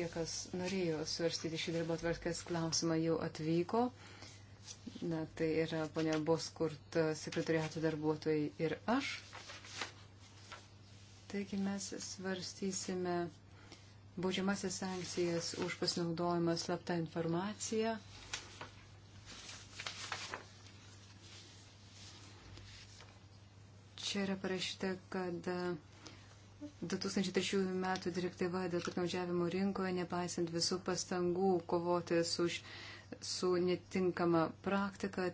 tie, kas norėjo svarstyti šį darbo tvarkės klausimą, jau atvyko. Na, tai yra ponia Boskurt, sekretariato darbuotojai ir aš. Taigi mes svarstysime baudžiamasias sankcijas už pasinaudojimą slaptą informaciją. Čia yra parašyta, kad 2003 metų direktyva dėl piknaudžiavimo rinkoje, nepaisant visų pastangų kovoti su, su netinkama praktika,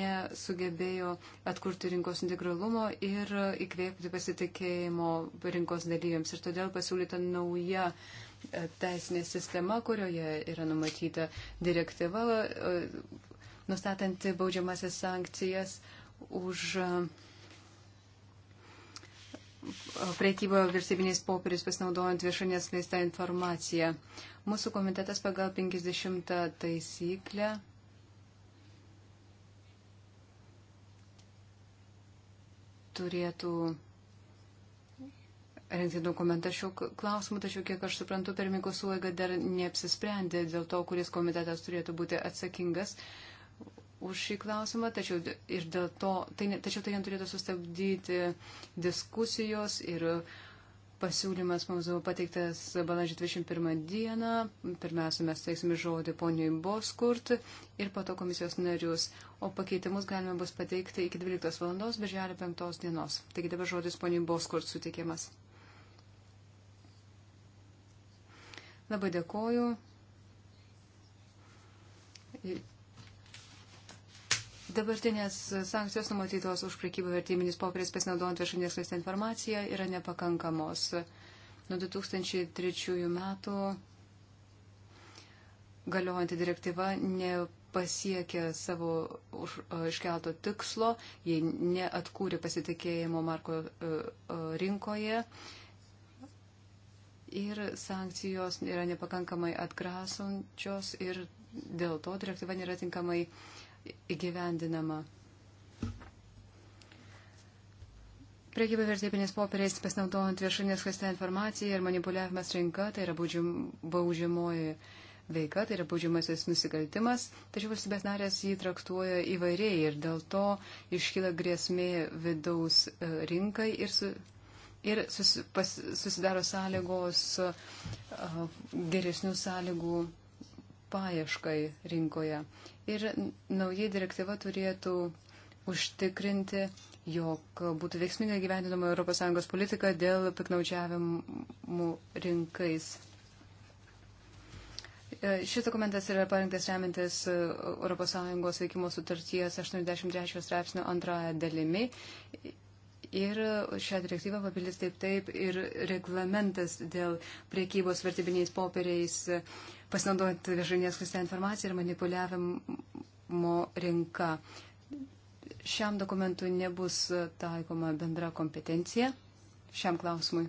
nesugebėjo atkurti rinkos integralumo ir įkvėpti pasitikėjimo rinkos dalyviams. Ir todėl pasiūlyta nauja e, teisinė sistema, kurioje yra numatyta direktyva, e, nustatanti baudžiamasias sankcijas už. Uh, prekyboje virsybiniais popieriais pasinaudojant viešinės leistą informaciją. Mūsų komitetas pagal 50 taisyklę. turėtų rengti dokumentą šiuo klausimu, tačiau, kiek aš suprantu, pirmininkų suėga dar neapsisprendė dėl to, kuris komitetas turėtų būti atsakingas. Uh, už šį klausimą, tačiau, ir dėl to, tai, tačiau tai neturėtų sustabdyti diskusijos ir pasiūlymas mums buvo pateiktas balandžio 21 dieną. Pirmiausia, mes teiksime žodį poniai Boskurt ir po to komisijos narius, o pakeitimus galima bus pateikti iki 12 valandos, birželio 5 dienos. Taigi dabar žodis poniai Boskurt suteikiamas. Labai dėkoju Dabartinės sankcijos numatytos už prekybą vertiminis popieriais pasinaudojant viešinės laisvę informaciją yra nepakankamos. Nuo 2003 metų galiojanti direktyva nepasiekė savo už, iškelto tikslo, jie neatkūrė pasitikėjimo marko rinkoje ir sankcijos yra nepakankamai atgrasančios ir dėl to direktyva nėra tinkamai uh, įgyvendinama. Priekyba vertybinės popieriais pasinaudojant viešinės klastę informaciją ir manipuliavimas rinka, tai yra baudžiamoji veika, tai yra baudžiamasis nusikaltimas, tačiau valstybės narės jį traktuoja įvairiai ir dėl to iškyla grėsmė vidaus e, rinkai ir, su, ir sus, pas, susidaro sąlygos e, geresnių sąlygų paieškai rinkoje. Ir nauja direktyva turėtų užtikrinti, jog būtų veiksmingai gyvendinama ES politika dėl piknaudžiavimų rinkais. E, šis dokumentas yra parengtas remintis ES veikimo sutarties 83 straipsnio antrąją dalimi. Ir šią direktyvą papildys taip taip ir reglamentas dėl priekybos vertybiniais popieriais pasinaudojant viešinės klausę informaciją ir manipuliavimo rinka. Šiam dokumentui nebus taikoma bendra kompetencija šiam klausimui.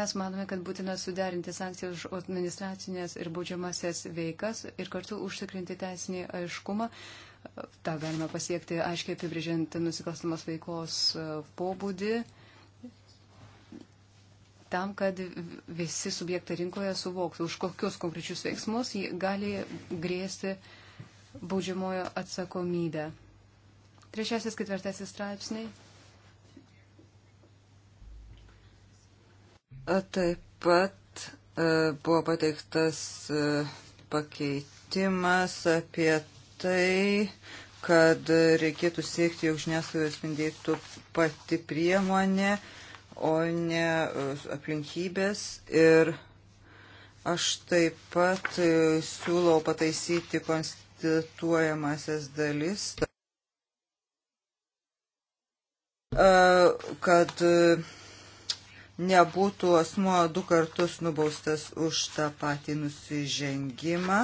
Mes manome, kad būtina suderinti sankcijas už administracinės ir baudžiamasias veikas ir kartu užtikrinti teisinį aiškumą. Ta galima pasiekti aiškiai apibrėžiant nusikalstamos veikos pobūdį tam, kad visi subjektai rinkoje suvoktų, už kokius konkrečius veiksmus jį gali grėsti baudžiamojo atsakomybę. Trečiasis, ketvirtasis straipsniai. Taip pat e, buvo pateiktas e, pakeitimas apie tai, kad reikėtų siekti, jog žiniasklaidos spindėtų pati priemonė, uh, o ne e, aplinkybės. Ir aš taip pat e, siūlau pataisyti konstituojamasias dalis, e, kad nebūtų asmuo du kartus nubaustas už tą patį nusižengimą.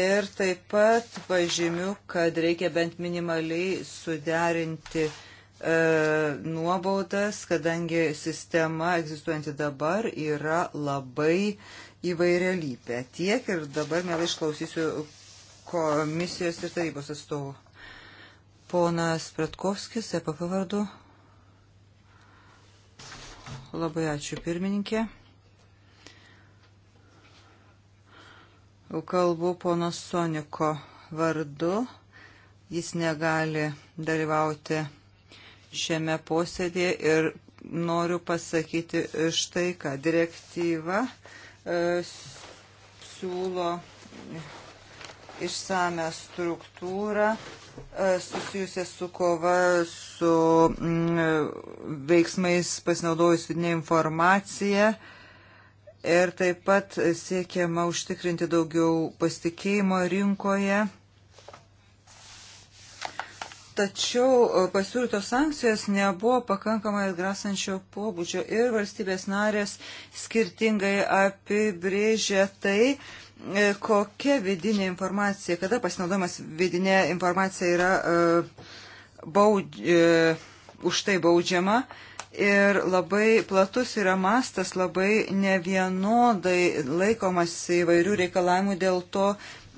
Ir taip pat pažymiu, kad reikia bent minimaliai suderinti uh, E, nuobaudas, kadangi sistema egzistuojanti dabar yra labai įvairialypė. Tiek ir dabar mielai išklausysiu komisijos ir tarybos atstovų. Ponas Pratkovskis, EPP vardu. Labai ačiū pirmininkė. Kalbu pono Soniko vardu. Jis negali dalyvauti šiame posėdėje ir noriu pasakyti štai, ką direktyva e, siūlo išsame struktūrą e, susijusią su kova su mm, e, veiksmais pasinaudojus vidinė informacija ir taip pat siekiama užtikrinti daugiau pasitikėjimo rinkoje tačiau e, pasiūlytos sankcijos nebuvo pakankamai atgrasančio pobūdžio ir valstybės narės skirtingai apibrėžė tai, e, kokia vidinė informacija, kada pasinaudomas vidinė informacija yra e, baud, už tai baudžiama. Ir labai platus yra mastas, labai nevienodai laikomas įvairių reikalavimų, dėl to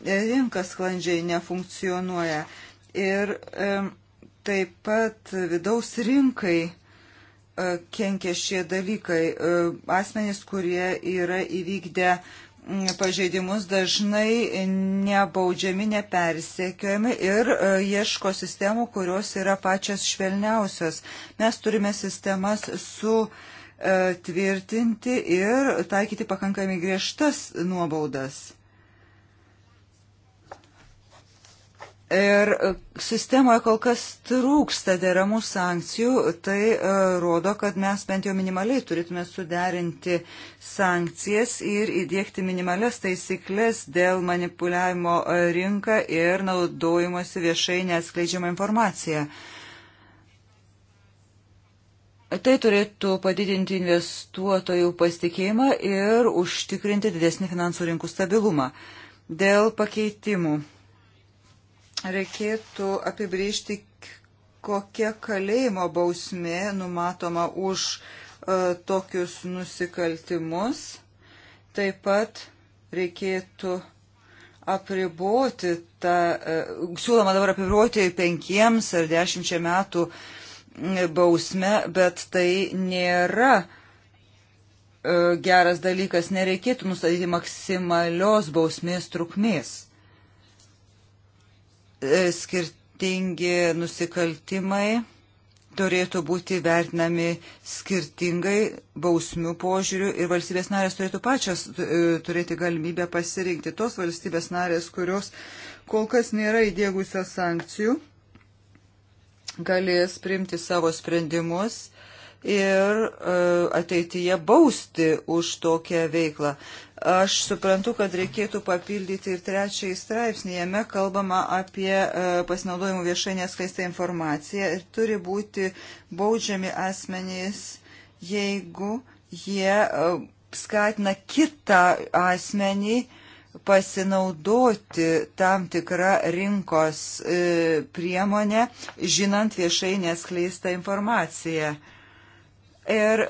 rinka sklandžiai nefunkcionuoja ir taip pat vidaus rinkai e, kenkia šie dalykai. E, asmenys, kurie yra įvykdę pažeidimus, dažnai nebaudžiami, nepersekiojami ir e, ieško sistemų, kurios yra pačias švelniausios. Mes turime sistemas su tvirtinti ir taikyti pakankamai griežtas nuobaudas. Ir e, sistemoje kol kas trūksta deramų sankcijų, tai e, rodo, kad mes bent jau minimaliai turėtume suderinti sankcijas ir įdėkti minimalias taisyklės dėl manipuliavimo e, rinką ir naudojimuose viešai neatskleidžiama informacija. Tai turėtų padidinti investuotojų pasitikėjimą ir užtikrinti didesnį finansų rinkų stabilumą. Dėl pakeitimų reikėtų apibriežti, kokia kalėjimo bausmė numatoma už uh, tokius nusikaltimus. Taip pat reikėtų apriboti tą, uh, siūloma dabar apriboti penkiems ar dešimčia metų bausmę, bet tai nėra uh, geras dalykas, nereikėtų nustatyti maksimalios bausmės trukmės. E, skirtingi nusikaltimai turėtų būti vertinami skirtingai bausmių požiūrių ir valstybės narės turėtų pačios e, turėti galimybę pasirinkti. Tos valstybės narės, kurios kol kas nėra įdėgusios sankcijų, galės priimti savo sprendimus ir e, ateityje bausti už tokią veiklą. Aš suprantu, kad reikėtų papildyti ir trečiąjį straipsnį. Jame kalbama apie e, pasinaudojimų viešai neskaistą informaciją ir turi būti baudžiami asmenys, jeigu jie e, skatina kitą asmenį pasinaudoti tam tikrą rinkos e, priemonę, žinant viešai neskleistą informaciją. Ir e,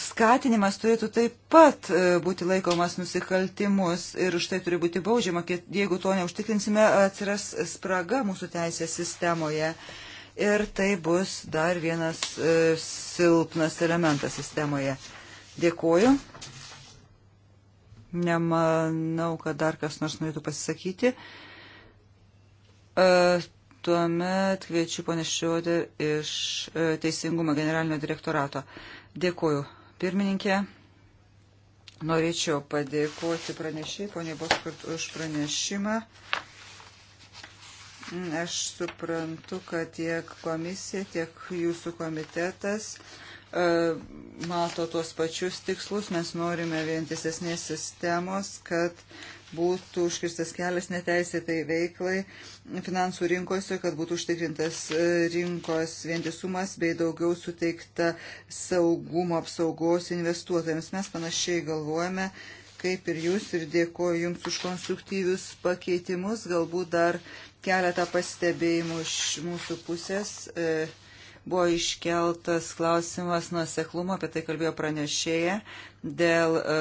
skatinimas turėtų taip pat e, būti laikomas nusikaltimus ir už tai turi būti baudžiama, kad jeigu to neužtikrinsime, atsiras spraga mūsų teisės sistemoje. Ir tai bus dar vienas e, silpnas elementas sistemoje. Dėkuoju. Nemanau, kad dar kas nors norėtų pasisakyti. E, Tuomet kviečiu panešiuoti iš e, Teisingumo generalinio direktorato. Dėkuoju, pirmininkė. Norėčiau padėkoti pranešiai, ponė Boskart, už pranešimą. Mm, aš suprantu, kad tiek komisija, tiek jūsų komitetas e, mato tuos pačius tikslus. Mes norime vientisesnės sistemos, kad būtų užkirstas kelias neteisėtai veiklai finansų rinkose, kad būtų užtikrintas e, rinkos vientisumas bei daugiau suteikta saugumo apsaugos investuotojams. Mes panašiai galvojame kaip ir jūs ir dėkoju Jums už konstruktyvius pakeitimus. Galbūt dar keletą pastebėjimų iš mūsų pusės. E, Buvo iškeltas klausimas nuoseklumo, apie tai kalbėjo pranešėja dėl e,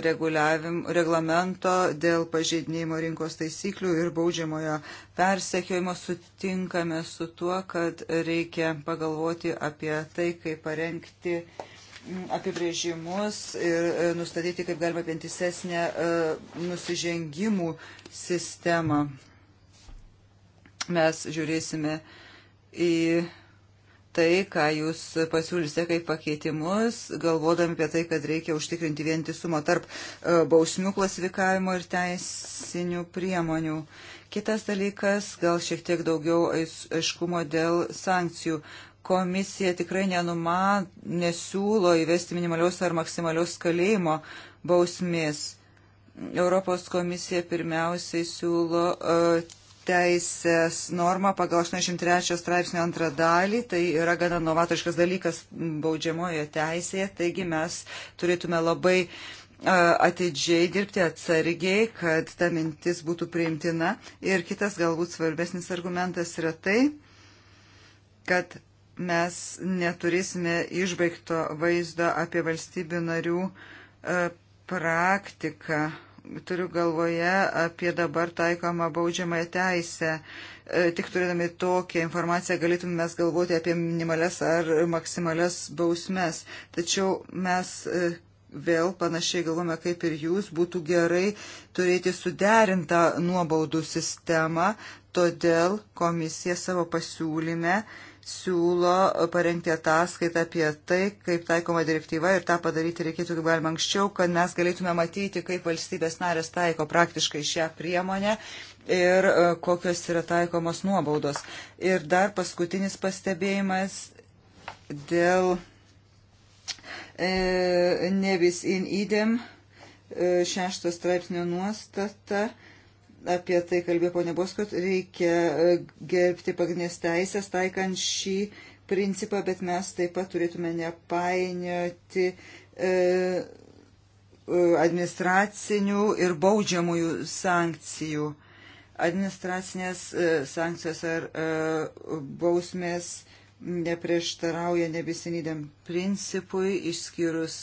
reglamento, dėl pažeidinėjimo rinkos taisyklių ir baudžiamojo persekiojimo sutinkame su tuo, kad reikia pagalvoti apie tai, kaip parengti apibrėžimus ir e, nustatyti, kaip galima vientisesnę e, nusižengimų sistemą. Mes žiūrėsime į tai, ką jūs pasiūlysite kaip pakeitimus, galvodami apie tai, kad reikia užtikrinti vientisumą tarp e, bausmių klasifikavimo ir teisinių priemonių. Kitas dalykas, gal šiek tiek daugiau aiškumo dėl sankcijų komisija tikrai nenuma, nesiūlo įvesti minimalios ar maksimalios kalėjimo bausmės. Europos komisija pirmiausiai siūlo uh, teisės norma pagal 83 straipsnio antrą dalį, tai yra gana novatoriškas dalykas baudžiamojo teisėje, taigi mes turėtume labai atidžiai dirbti atsargiai, kad ta mintis būtų priimtina. Ir kitas galbūt svarbesnis argumentas yra tai, kad mes neturėsime išbaigto vaizdo apie valstybių narių praktiką turiu galvoje apie dabar taikomą baudžiamąją teisę. E, tik turėdami tokią informaciją galėtume mes galvoti apie minimales ar maksimales bausmes. Tačiau mes e, vėl panašiai galvome kaip ir jūs, būtų gerai turėti suderintą nuobaudų sistemą, todėl komisija savo pasiūlyme uh, siūlo parengti ataskaitą apie tai, kaip taikoma direktyva ir tą padaryti reikėtų kaip galima anksčiau, kad mes galėtume matyti, kaip valstybės narės taiko praktiškai šią priemonę ir e, kokios yra taikomos nuobaudos. Ir dar paskutinis pastebėjimas dėl e, nevis in idem e, šešto straipsnio nuostata. E, apie tai kalbėjo ponė Boskot, reikia e, gerbti pagrindinės teisės, taikant šį principą, bet mes taip pat turėtume nepainioti e, e, administracinių ir baudžiamųjų sankcijų. Administracinės e, sankcijos ar e, bausmės neprieštarauja nebesinydėm principui, išskyrus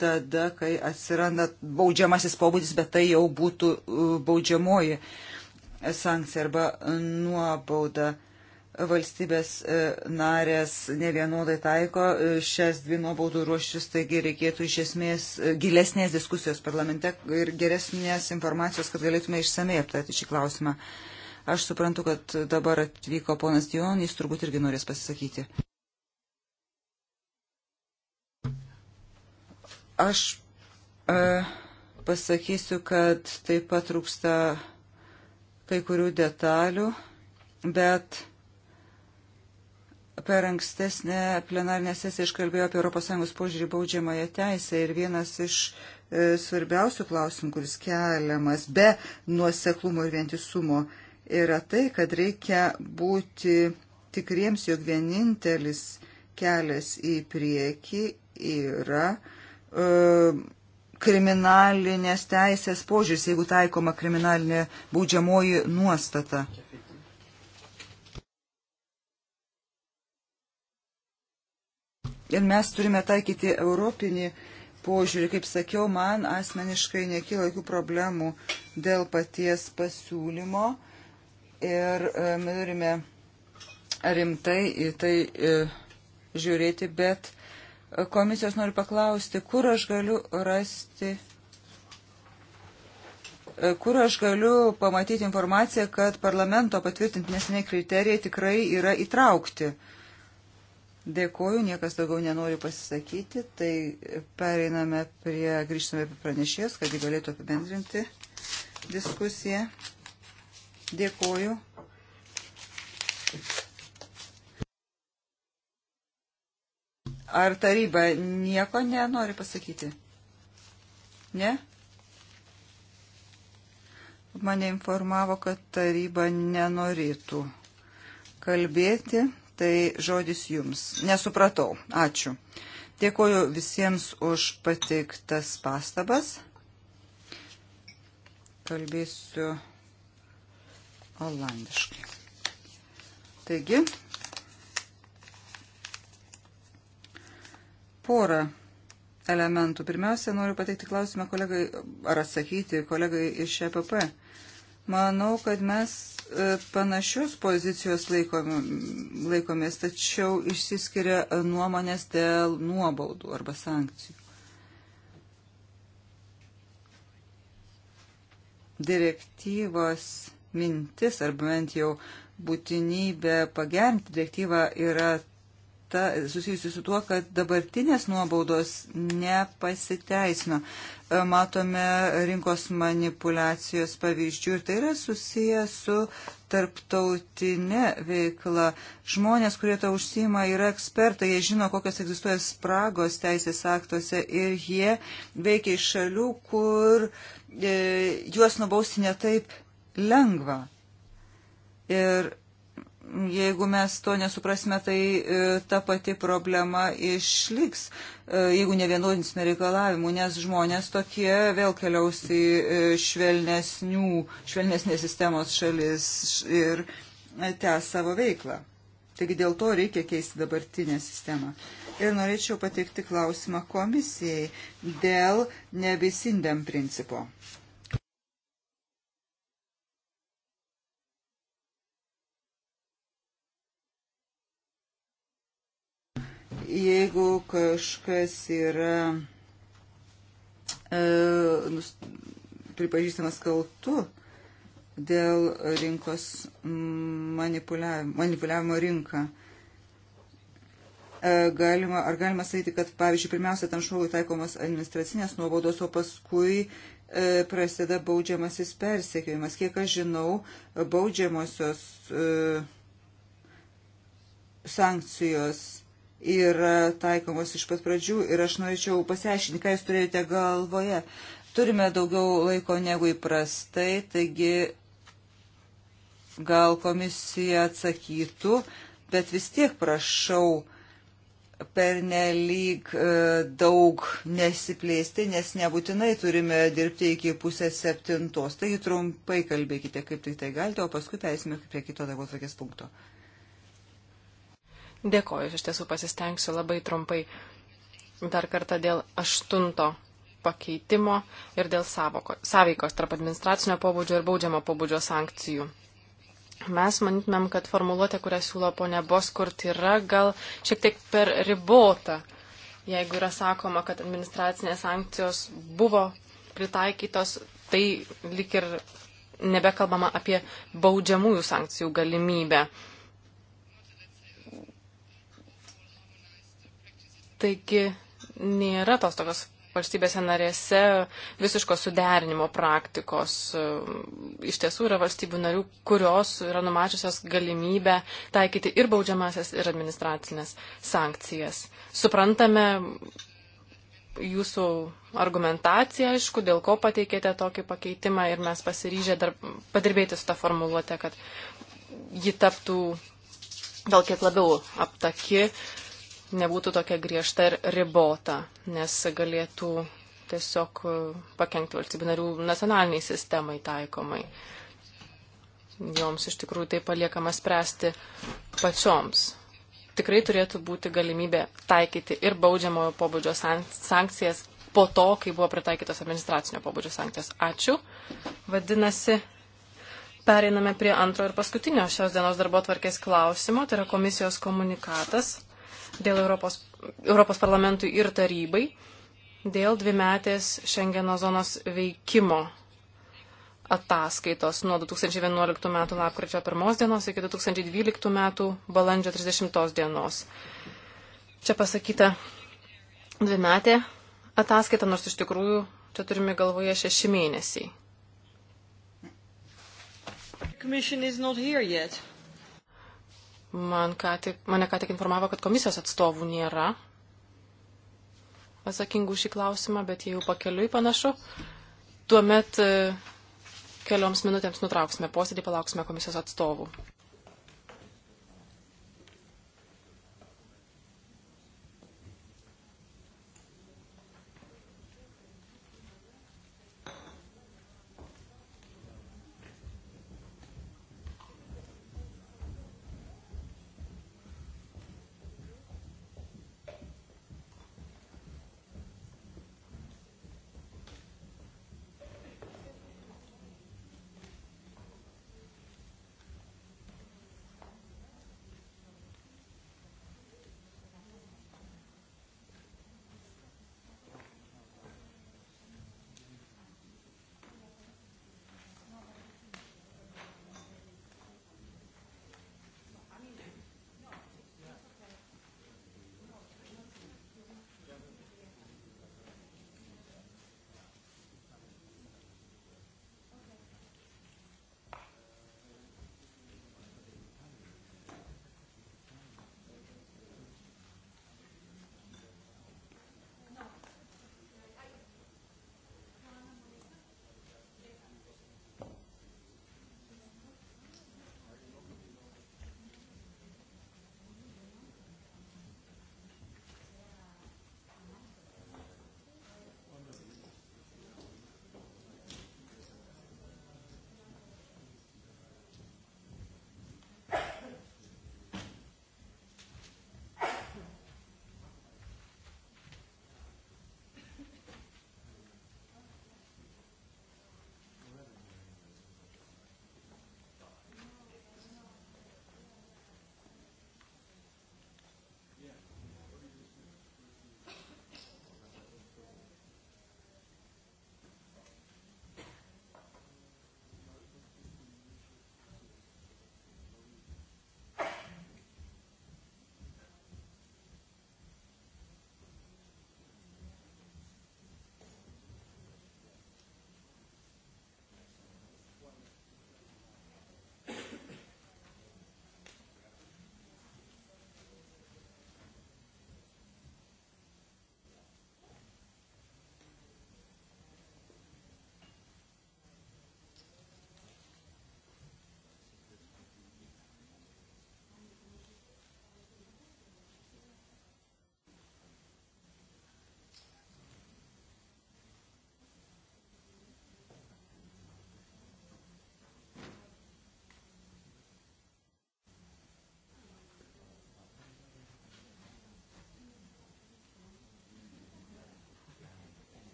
tada, kai atsiranda baudžiamasis pobūdis, bet tai jau būtų baudžiamoji sankcija arba nuobauda. Valstybės e, narės nevienodai taiko e, šias dvi nuobaudų ruošius, taigi reikėtų iš esmės e, gilesnės diskusijos parlamente ir geresnės informacijos, kad galėtume išsamei aptarti šį klausimą. Aš suprantu, kad dabar atvyko ponas Dion, jis turbūt irgi norės pasisakyti. Aš e, pasakysiu, kad taip pat trūksta kai kurių detalių, bet per ankstesnę plenarinę sesiją iškalbėjau apie ES požiūrį baudžiamąją teisę ir vienas iš e, svarbiausių klausimų, kuris keliamas be nuoseklumo ir vientisumo, yra tai, kad reikia būti tikriems, jog vienintelis kelias į priekį yra e, E, kriminalinės teisės požiūris, jeigu taikoma kriminalinė baudžiamoji nuostata. Ir mes turime taikyti europinį požiūrį. Kaip sakiau, man asmeniškai nekyla jokių problemų dėl paties pasiūlymo. Ir e, turime rimtai į tai e, žiūrėti, bet komisijos noriu paklausti, kur aš galiu rasti, kur aš galiu pamatyti informaciją, kad parlamento patvirtinti nesiniai kriterijai tikrai yra įtraukti. Dėkoju, niekas daugiau nenori pasisakyti, tai pereiname prie, grįžtame prie pranešės, kad jį galėtų apibendrinti diskusiją. Dėkoju. Ar taryba nieko nenori pasakyti? Ne? Mane informavo, kad taryba nenorėtų kalbėti, tai žodis jums. Nesupratau. Ačiū. Dėkoju visiems už pateiktas pastabas. Kalbėsiu olandiškai. Taigi, porą elementų. Pirmiausia, noriu pateikti klausimą kolegai, ar atsakyti kolegai iš EPP. Manau, kad mes e, panašios pozicijos laikomės, tačiau išsiskiria nuomonės dėl nuobaudų arba sankcijų. Direktyvos mintis, arba bent jau būtinybė pagerinti direktyvą yra ta, susijusi su tuo, kad dabartinės nuobaudos nepasiteisino. E, matome rinkos manipulacijos pavyzdžių ir tai yra susiję su tarptautinė veikla. Žmonės, kurie tą užsima, yra ekspertai, jie žino, kokios egzistuoja spragos teisės aktuose ir jie veikia iš šalių, kur e, juos nubausti netaip lengva. Ir jeigu mes to nesuprasime, tai e, ta pati problema išliks, e, jeigu nevienodinsime reikalavimų, nes žmonės tokie vėl keliaus į e, švelnesnių, švelnesnės sistemos šalis ir tęs savo veiklą. Taigi dėl to reikia keisti dabartinę sistemą. Ir norėčiau pateikti klausimą komisijai dėl nebesindėm principo. Jeigu kažkas yra e, pripažįstamas kaltu dėl rinkos manipuliavimo, manipuliavimo rinką, e, galima, ar galima sakyti, kad, pavyzdžiui, pirmiausia, tam žmogui taikomos administracinės nuobodos, o paskui e, prasideda baudžiamasis persekiojimas. Kiek aš žinau, baudžiamosios e, sankcijos yra taikomos iš pat pradžių ir aš norėčiau pasiaiškinti, ką jūs turėjote galvoje. Turime daugiau laiko negu įprastai, taigi gal komisija atsakytų, bet vis tiek prašau pernelyg e, daug nesiplėsti, nes nebūtinai turime dirbti iki pusės septintos. Taigi trumpai kalbėkite, kaip tik tai galite, o paskui teisime prie kito darbo tokias punkto. Dėkoju, iš tiesų pasistengsiu labai trumpai dar kartą dėl aštunto pakeitimo ir dėl savoko, sąveikos tarp administracinio pobūdžio ir baudžiamo pobūdžio sankcijų. Mes manytumėm, kad formuluotė, kurią siūlo ponė Boskurt, yra gal šiek tiek per ribota, jeigu yra sakoma, kad administracinės sankcijos buvo pritaikytos, tai lik ir nebekalbama apie baudžiamųjų sankcijų galimybę. Taigi nėra tos tokios valstybėse narėse visiško suderinimo praktikos. Iš tiesų yra valstybių narių, kurios yra numačiusios galimybę taikyti ir baudžiamasias, ir administracinės sankcijas. Suprantame jūsų argumentaciją, aišku, dėl ko pateikėte tokį pakeitimą ir mes pasiryžę dar padirbėti su tą formuluotę, kad ji taptų gal kiek labiau aptaki, nebūtų tokia griežta ir ribota, nes galėtų tiesiog e, pakengti valstybių narių nacionaliniai sistemai taikomai. Joms iš tikrųjų tai paliekama spręsti pačioms. Tikrai turėtų būti galimybė taikyti ir baudžiamojo pobūdžio sankcijas po to, kai buvo pritaikytos administracinio pobūdžio sankcijos. Ačiū. Vadinasi, pereiname prie antro ir paskutinio šios dienos darbo tvarkės klausimo. Tai yra komisijos komunikatas dėl Europos, Europos parlamentui ir tarybai dėl dvimetės Šengeno zonos veikimo ataskaitos nuo 2011 m. lapkričio 1 dienos iki 2012 m. balandžio 30 dienos. Čia pasakyta dvimetė ataskaita, nors iš tikrųjų čia turime galvoje šeši mėnesiai. Commission is not here yet. Man ką tik, mane ką tik informavo, kad komisijos atstovų nėra atsakingų šį klausimą, bet jie jau pakeliui panašu. Tuomet e, kelioms minutėms nutrauksime posėdį, palauksime komisijos atstovų.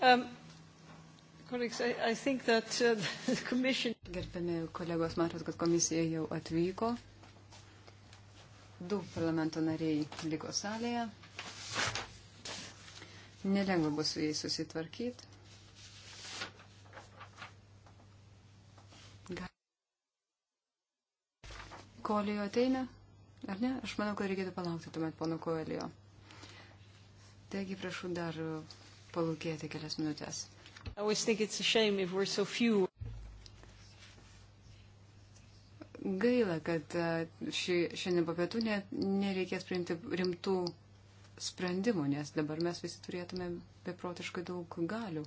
Um, colleagues, I, I think that uh, the Commission. Gerbiami kolegos, matot, kad komisija jau atvyko. Du parlamento nariai liko salėje. Nelengva bus su jais susitvarkyti. Kolio ateina, ar ne? Aš manau, kad reikėtų palaukti tuomet pono Kolio. Taigi prašau dar palūkėti kelias minutės. So Gaila, kad e, ši, šiandien po pietų ne, nereikės priimti rimtų sprendimų, nes dabar mes visi turėtume beprotiškai daug galių.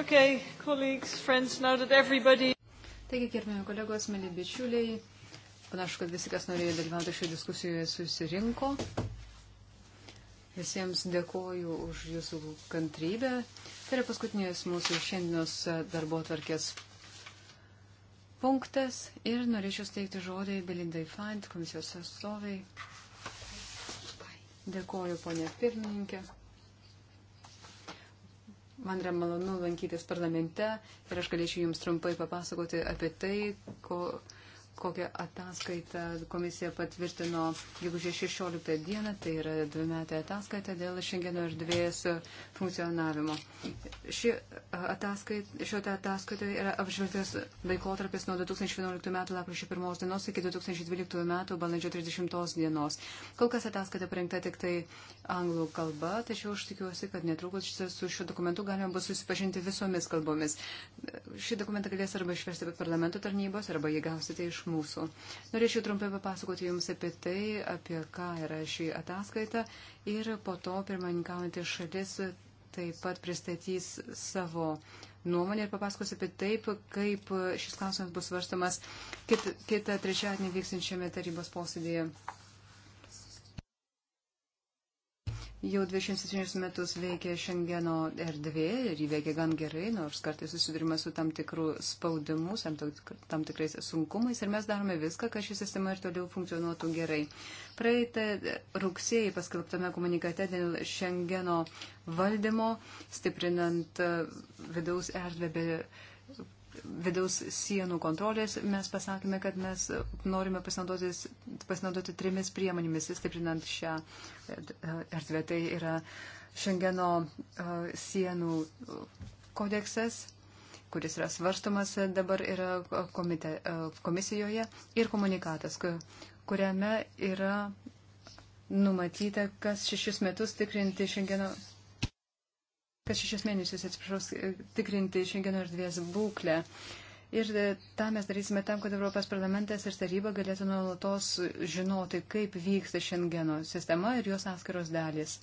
Okay, colleagues, friends, now that everybody... Taigi, gerbėjami kolegos, mėly bičiuliai, panašu, kad visi, kas norėjo dalyvauti šioje diskusijoje, susirinko. Visiems dėkoju už jūsų kantrybę. Tai yra paskutinis mūsų šiandienos darbo tvarkės punktas ir norėčiau steigti žodį Belindai Fant, komisijos atstoviai. Dėkoju, ponė pirmininkė. Man yra malonu lankytis parlamente ir aš galėčiau Jums trumpai papasakoti apie tai, ko, kokią ataskaitą komisija patvirtino gegužės 16 dieną, tai yra dvimetė ataskaita dėl šiandieno erdvės funkcionavimo. Ši ataskaita, šioje ataskaitoje yra apžvelgtas laikotarpis nuo 2011 metų lapkričio 1 dienos iki 2012 metų balandžio 30 dienos. Kol kas ataskaita parengta tik tai anglų kalba, tačiau aš tikiuosi, kad netrukus su šiuo dokumentu galima bus susipažinti visomis kalbomis. Šį dokumentą galės arba išversti parlamento tarnybos, arba jį gausite iš mūsų. Norėčiau trumpai papasakoti Jums apie tai, apie ką yra šį ataskaitą ir po to pirmininkaujantis šalis taip pat pristatys savo nuomonę ir papasakos apie taip, kaip šis klausimas bus svarstamas kitą, kitą trečiadienį vyksinčiame tarybos posėdėje. Jau 27 metus veikia šiandieno erdvė ir jį veikia gan gerai, nors kartais susidurime su tam tikrų spaudimu, tam tikrais sunkumais ir mes darome viską, kad ši sistema ir toliau funkcionuotų gerai. Praeitą rugsėjį paskelbtame komunikate dėl šiandieno valdymo, stiprinant vidaus erdvę be vidaus sienų kontrolės, mes pasakėme, kad mes norime pasinaudoti, pasinaudoti trimis priemonėmis, stiprinant šią e, erdvę. Tai yra Šengeno e, sienų kodeksas kuris yra svarstomas dabar yra komite, e, komisijoje ir komunikatas, kuriame yra numatyta, kas šešius metus tikrinti Šengeno kas šešis mėnesius, atsiprašau, e, tikrinti šiandieno erdvės būklę. Ir e, tą mes darysime tam, kad Europos parlamentas ir taryba galėtų nuolatos žinoti, kaip vyksta šiandieno sistema ir jos atskiros dalis.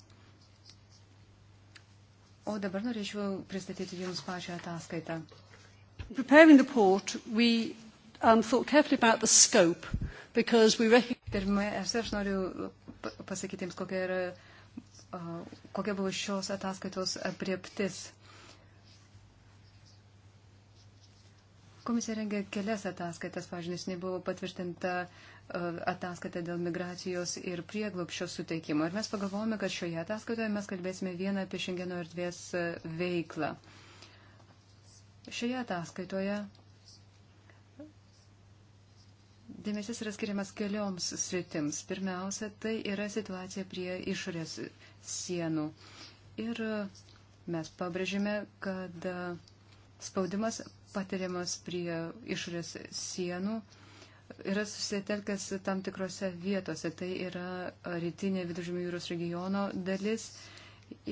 O dabar norėčiau pristatyti Jums pačią ataskaitą. Report, we, um, scope, recognize... Pirmiausia, aš noriu pasakyti Jums, kokia yra kokia buvo šios ataskaitos apriektis. Komisija rengia kelias ataskaitas, pažiūrėjus, nebuvo patvirtinta ataskaita dėl migracijos ir prieglopščio suteikimo. Ir mes pagalvojame, kad šioje ataskaitoje mes kalbėsime vieną apie šiandieno erdvės veiklą. Šioje ataskaitoje dėmesys yra skiriamas kelioms sritims. Pirmiausia, tai yra situacija prie išorės sienų. Ir mes pabrėžime, kad spaudimas patiriamas prie išorės sienų yra susitelkęs tam tikrose vietose. Tai yra rytinė Vidužymio jūros regiono dalis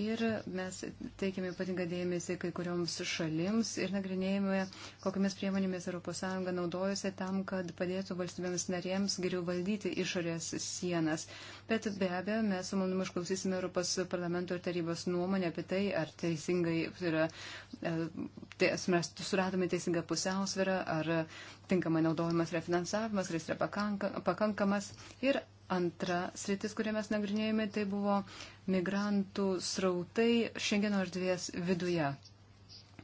Ir mes teikiame ypatingą dėmesį kai kurioms šalims ir nagrinėjame, kokiamis priemonėmis ES naudojasi tam, kad padėtų valstybėms narėms geriau valdyti išorės sienas. Bet be abejo, mes su manimi išklausysime Europos parlamento ir tarybos nuomonę apie tai, ar teisingai yra, e, te, mes suradome teisingą pusiausvyrą, ar tinkamai naudojimas yra finansavimas, ar jis yra pakankamas. Ir Antra sritis, kurią mes nagrinėjome, tai buvo migrantų srautai Šengeno erdvės viduje.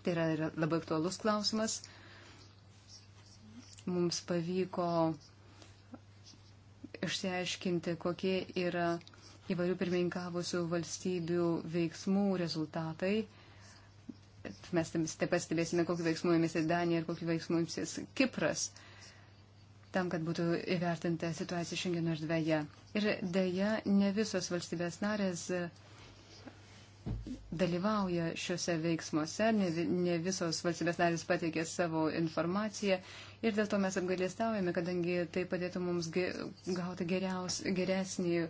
Tai yra, yra labai aktualus klausimas. Mums pavyko išsiaiškinti, kokie yra įvairių pirmininkavusių valstybių veiksmų rezultatai. Mes taip pastebėsime, kokiu veiksmu ėmėsi Danija ir kokiu veiksmu ėmėsi Kipras. Uh, tam, kad būtų įvertinta situacija šiandien ir dvėje. Ir dėja, ne visos valstybės narės e, dalyvauja šiuose veiksmuose, ne, ne visos valstybės narės pateikė savo informaciją ir dėl to mes apgalėstaujame, kadangi tai padėtų mums ge, gauti geriaus, geresnį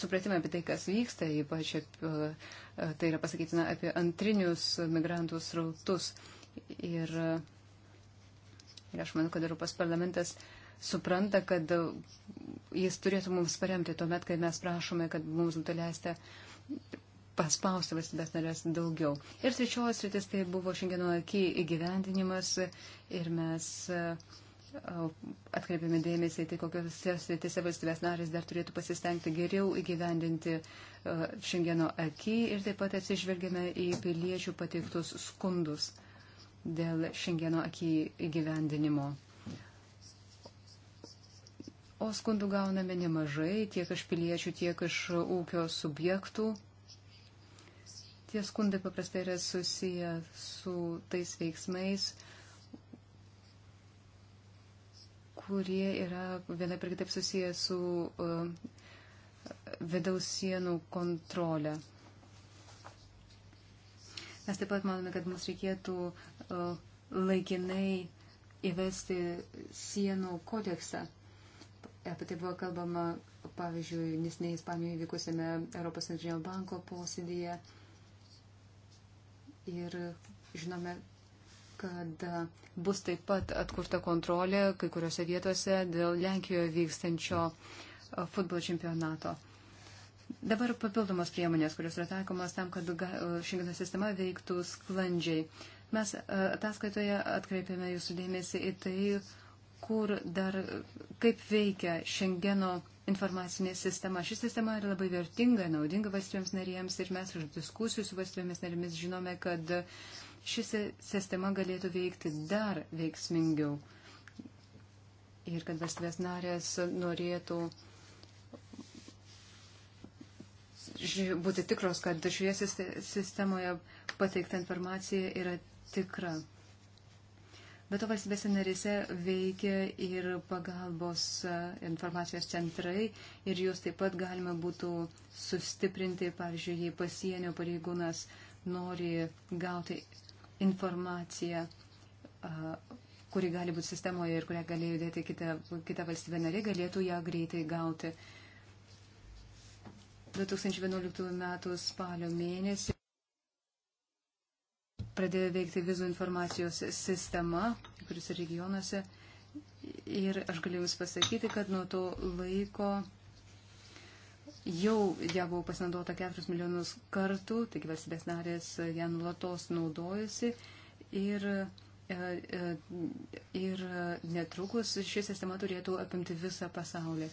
supratimą apie tai, kas vyksta, ypač e, e, tai yra pasakytina apie antrinius migrantų srautus. Ir, ir aš manau, kad Europos parlamentas uh, supranta, kad jis turėtų mums paremti tuomet, kai mes prašome, kad mums būtų leista paspausti valstybės narės daugiau. Ir trečioji sritis tai buvo šiandieno akį įgyvendinimas ir mes e, atkreipiame dėmesį, tai kokiuose sritise valstybės narės dar turėtų pasistengti geriau įgyvendinti e, šiandieno akį ir taip pat atsižvelgėme į piliečių pateiktus skundus dėl šiandieno akį įgyvendinimo o skundų gauname nemažai tiek iš piliečių, tiek iš ūkio subjektų. Tie skundai paprastai yra susiję su tais veiksmais, kurie yra viena per kitaip susiję su uh, vidaus sienų kontrolė. Mes taip pat manome, kad mums reikėtų uh, laikinai įvesti sienų kodeksą. Apie tai buvo kalbama, pavyzdžiui, nesnei Ispanijoje vykusėme Europos centrinio banko posėdėje. Ir žinome, kad bus taip pat atkurta kontrolė kai kuriuose vietose dėl Lenkijoje vykstančio futbolo čempionato. Dabar papildomos priemonės, kurios yra taikomas tam, kad šengino sistema veiktų sklandžiai. Mes ataskaitoje atkreipiame jūsų dėmesį į tai, kur dar, kaip veikia Šengeno informacinė sistema. Ši sistema yra labai vertinga, naudinga valstybėms narėms ir mes už diskusijų su valstybėmis narėmis žinome, kad ši sistema galėtų veikti dar veiksmingiau. Ir kad valstybės narės norėtų būti tikros, kad šioje sistemoje pateikta informacija yra tikra. Bet to valstybėse narėse veikia ir pagalbos e, informacijos centrai ir jūs taip pat galima būtų sustiprinti, pavyzdžiui, jei pasienio pareigūnas nori gauti informaciją kuri gali būti sistemoje ir kurią galėjo dėti kita, kita valstybė narė, galėtų ją greitai gauti. 2011 m. spalio mėnesį pradėjo veikti vizų informacijos sistema, kuris regionuose. Ir aš galėjau jūs pasakyti, kad nuo to laiko jau ją buvo pasinaudota 4 milijonus kartų, taigi valstybės narės ją nulatos naudojasi. Ir, e, e, ir netrukus ši sistema turėtų apimti visą pasaulį.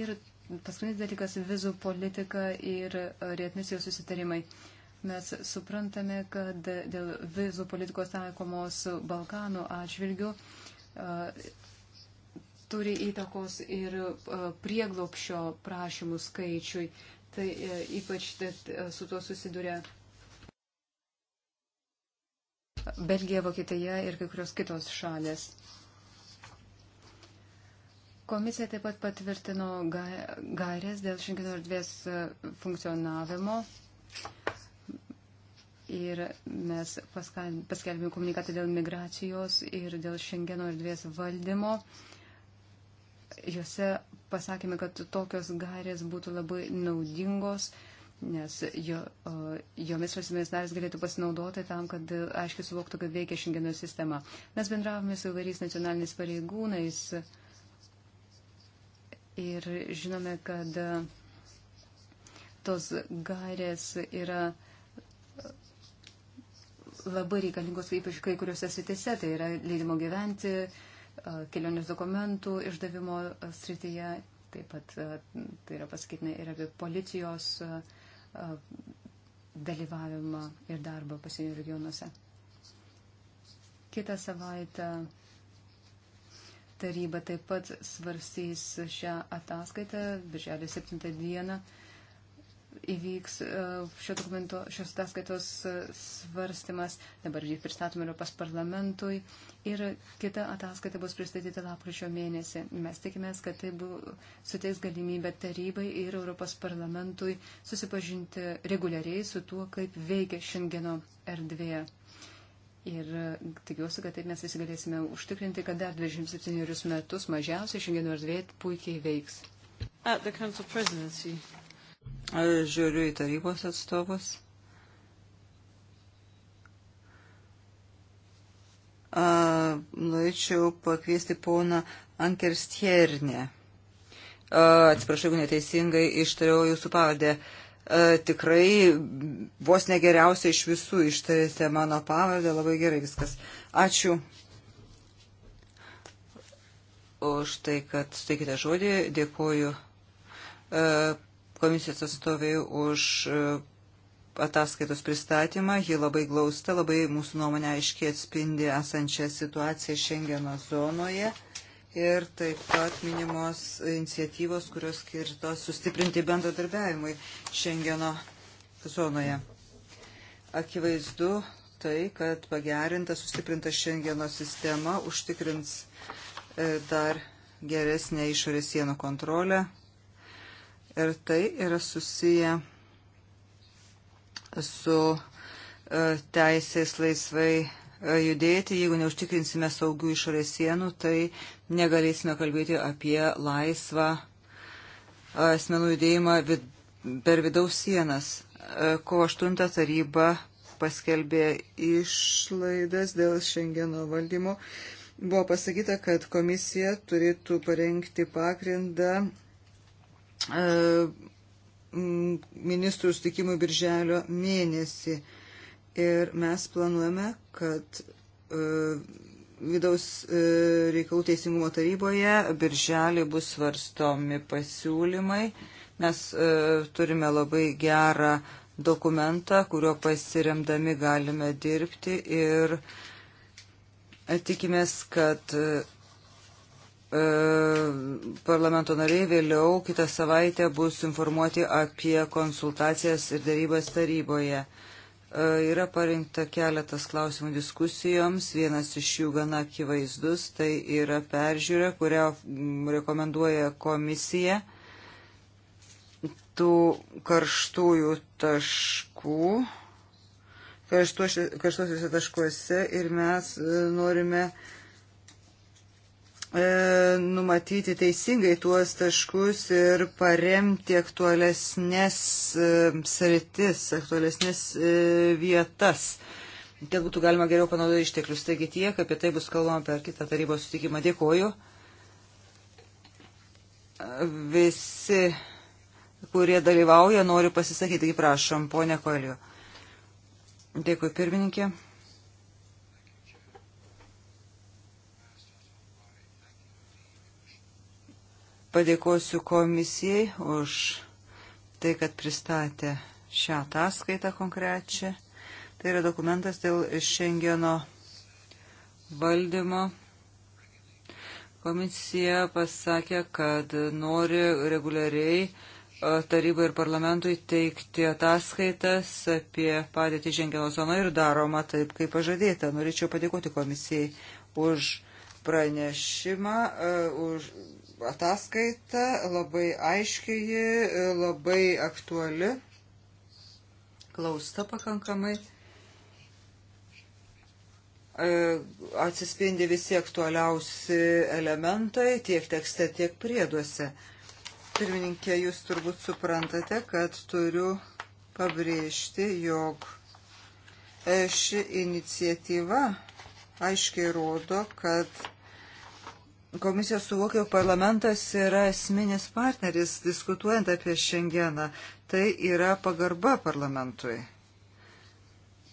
Ir paskutinis dalykas - vizų politika ir readmisijos susitarimai. Uh, Mes suprantame, kad dėl vizų politikos taikomos Balkanų atžvilgių turi įtakos ir prieglopšio prašymų skaičiui. Tai e, ypač su tuo susiduria Belgija, Vokietija ir kai kurios kitos šalės. Komisija taip pat patvirtino gairės dėl šengino erdvės e, funkcionavimo ir mes paskelbėme komunikatą dėl migracijos ir dėl Šengeno erdvės valdymo. Juose pasakėme, kad tokios gairės būtų labai naudingos, nes jo, jomis valstybės narės galėtų pasinaudoti tam, kad aiškiai suvoktų, kaip veikia Šengeno sistema. Mes bendravome su įvairiais nacionaliniais pareigūnais ir žinome, kad tos gairės yra labai reikalingos, ypač kai kuriuose sritise, tai yra leidimo gyventi, kelionės dokumentų išdavimo srityje, taip pat tai yra pasakytina ir apie policijos dalyvavimą ir darbą pasienio regionuose. Kitą savaitę taryba taip pat svarstys šią ataskaitą, birželio 7 dieną įvyks e, šio dokumento, šios ataskaitos e, svarstymas. Dabar jį pristatome Europos parlamentui ir kita ataskaita bus pristatyta lapkričio mėnesį. Mes tikimės, kad tai bu, suteiks galimybę tarybai ir Europos parlamentui susipažinti reguliariai su tuo, kaip veikia šiandieno erdvėje. Ir e, tikiuosi, kad taip mes visi galėsime užtikrinti, kad dar 27 metus mažiausiai šiandieno erdvėje puikiai veiks. At the Council Presidency. Žiūriu į tarybos atstovus. Norėčiau pakviesti poną Ankerstiernę. Atsiprašau, jeigu neteisingai ištariau jūsų pavardę. Tikrai vos negeriausiai iš visų ištarėte mano pavardę, labai gerai viskas. Ačiū už tai, kad suteikite žodį. Dėkuoju komisijos atstovai už e, ataskaitos pristatymą. Ji labai glausta, labai mūsų nuomonė aiškiai atspindi esančią situaciją Šengeno zonoje. Ir taip pat minimos iniciatyvos, kurios skirtos sustiprinti bendradarbiavimui Šengeno zonoje. Akivaizdu tai, kad pagerinta, sustiprinta Šengeno sistema užtikrins e, dar geresnę išorės sienų kontrolę, ir tai yra susiję su e, teisės laisvai e, judėti. Jeigu neužtikrinsime saugių išorės sienų, tai negalėsime kalbėti apie laisvą e, asmenų judėjimą vid per vidaus sienas. Kovo 8 taryba paskelbė išlaidas dėl Šengeno valdymo. Buvo pasakyta, kad komisija turėtų parengti pagrindą E, ministrų sustikimui birželio mėnesį. Ir mes planuojame, kad e, vidaus e, reikalų teisingumo taryboje birželį bus svarstomi pasiūlymai. Mes turime labai gerą dokumentą, kurio pasiremdami galime dirbti ir tikimės, kad E, parlamento nariai vėliau kitą savaitę bus informuoti apie konsultacijas ir darybas taryboje. E, yra parinkta keletas klausimų diskusijoms, vienas iš jų gana akivaizdus, tai yra peržiūra, kurią rekomenduoja komisija tų karštųjų taškų, karštuosiuose taškuose ir mes e, norime uh, E, numatyti teisingai tuos taškus ir paremti aktualesnės e, sritis, aktualesnės e, vietas, kad būtų galima geriau panaudoti išteklius. Taigi tiek, apie tai bus kalbama per kitą tarybos sutikimą. Dėkoju. Visi, kurie dalyvauja, noriu pasisakyti. Taigi prašom, ponia Koelio. Dėkui, pirmininkė. Padėkosiu komisijai už tai, kad pristatė šią ataskaitą konkrečią. Tai yra dokumentas dėl Šengeno valdymo. Komisija pasakė, kad nori reguliariai e, tarybai ir parlamentui teikti ataskaitas apie padėtį Šengeno zonoje ir daroma taip, kaip pažadėta. Norėčiau padėkoti komisijai už pranešimą, e, už ataskaita, labai aiškiai, labai aktuali, klausta pakankamai e, atsispindi visi aktualiausi elementai tiek tekste, tiek prieduose. Pirmininkė, jūs turbūt suprantate, kad turiu pabrėžti, jog e, ši iniciatyva aiškiai rodo, kad Komisija suvokia, jog parlamentas yra esminis partneris diskutuojant apie šiandieną. Tai yra pagarba parlamentui.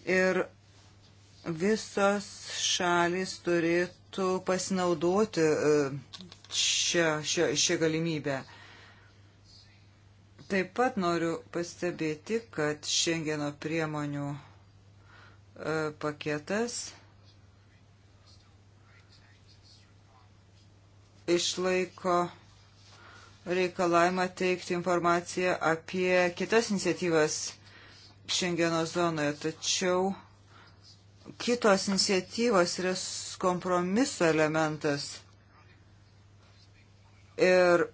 Ir visos šalis turėtų pasinaudoti šią, e, šią, šią galimybę. Taip pat noriu pastebėti, kad šiandieno priemonių e, paketas išlaiko reikalavimą teikti informaciją apie kitas iniciatyvas Šengeno zonoje, tačiau kitos iniciatyvos yra kompromiso elementas. Ir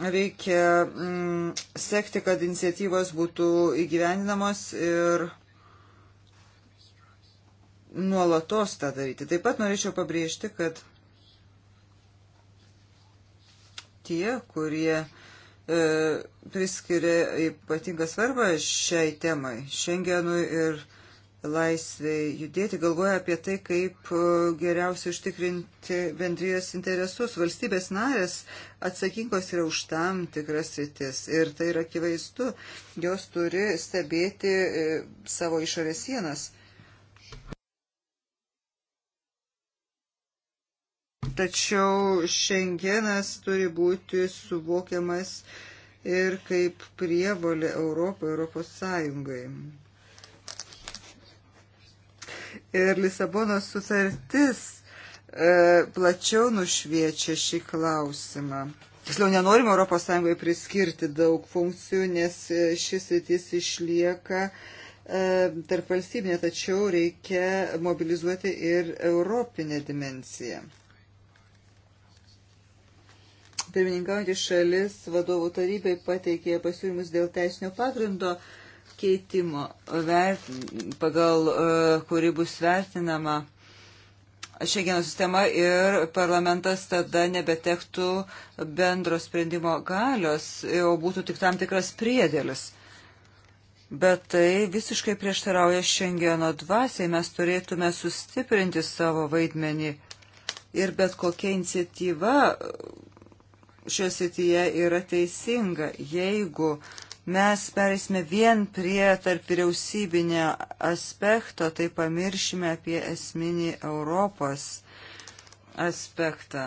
reikia mm, sekti, kad iniciatyvos būtų įgyvendinamos ir nuolatos tą daryti. Taip pat norėčiau pabrėžti, kad tie, kurie e, priskiria ypatingą svarbą šiai temai, Šengenui ir laisviai judėti, galvoja apie tai, kaip e, geriausiai užtikrinti bendrijos interesus. Valstybės narės atsakingos yra už tam tikras rytis ir tai yra akivaizdu, jos turi stebėti e, savo išorės sienas. Tačiau šengenas turi būti suvokiamas ir kaip prievolė Europai, Europos Sąjungai. Ir Lisabonos sutartis e, plačiau nušviečia šį klausimą. Tiksliau, nenorime Europos Sąjungai priskirti daug funkcijų, nes e, šis rytis išlieka e, tarp valstybinė, tačiau reikia mobilizuoti ir europinę dimenciją pirmininkaujantys šalis vadovų tarybai pateikė pasiūlymus dėl teisinio pagrindo keitimo, vert, pagal e, kurį bus vertinama Šengeno sistema ir parlamentas tada nebetektų bendro sprendimo galios, o būtų tik tam tikras priedėlis. Bet tai visiškai prieštarauja Šengeno dvasiai, mes turėtume sustiprinti savo vaidmenį ir bet kokia iniciatyva šioje srityje yra teisinga. Jeigu mes perėsime vien prie tarp vyriausybinio aspekto, tai pamiršime apie esminį Europos aspektą.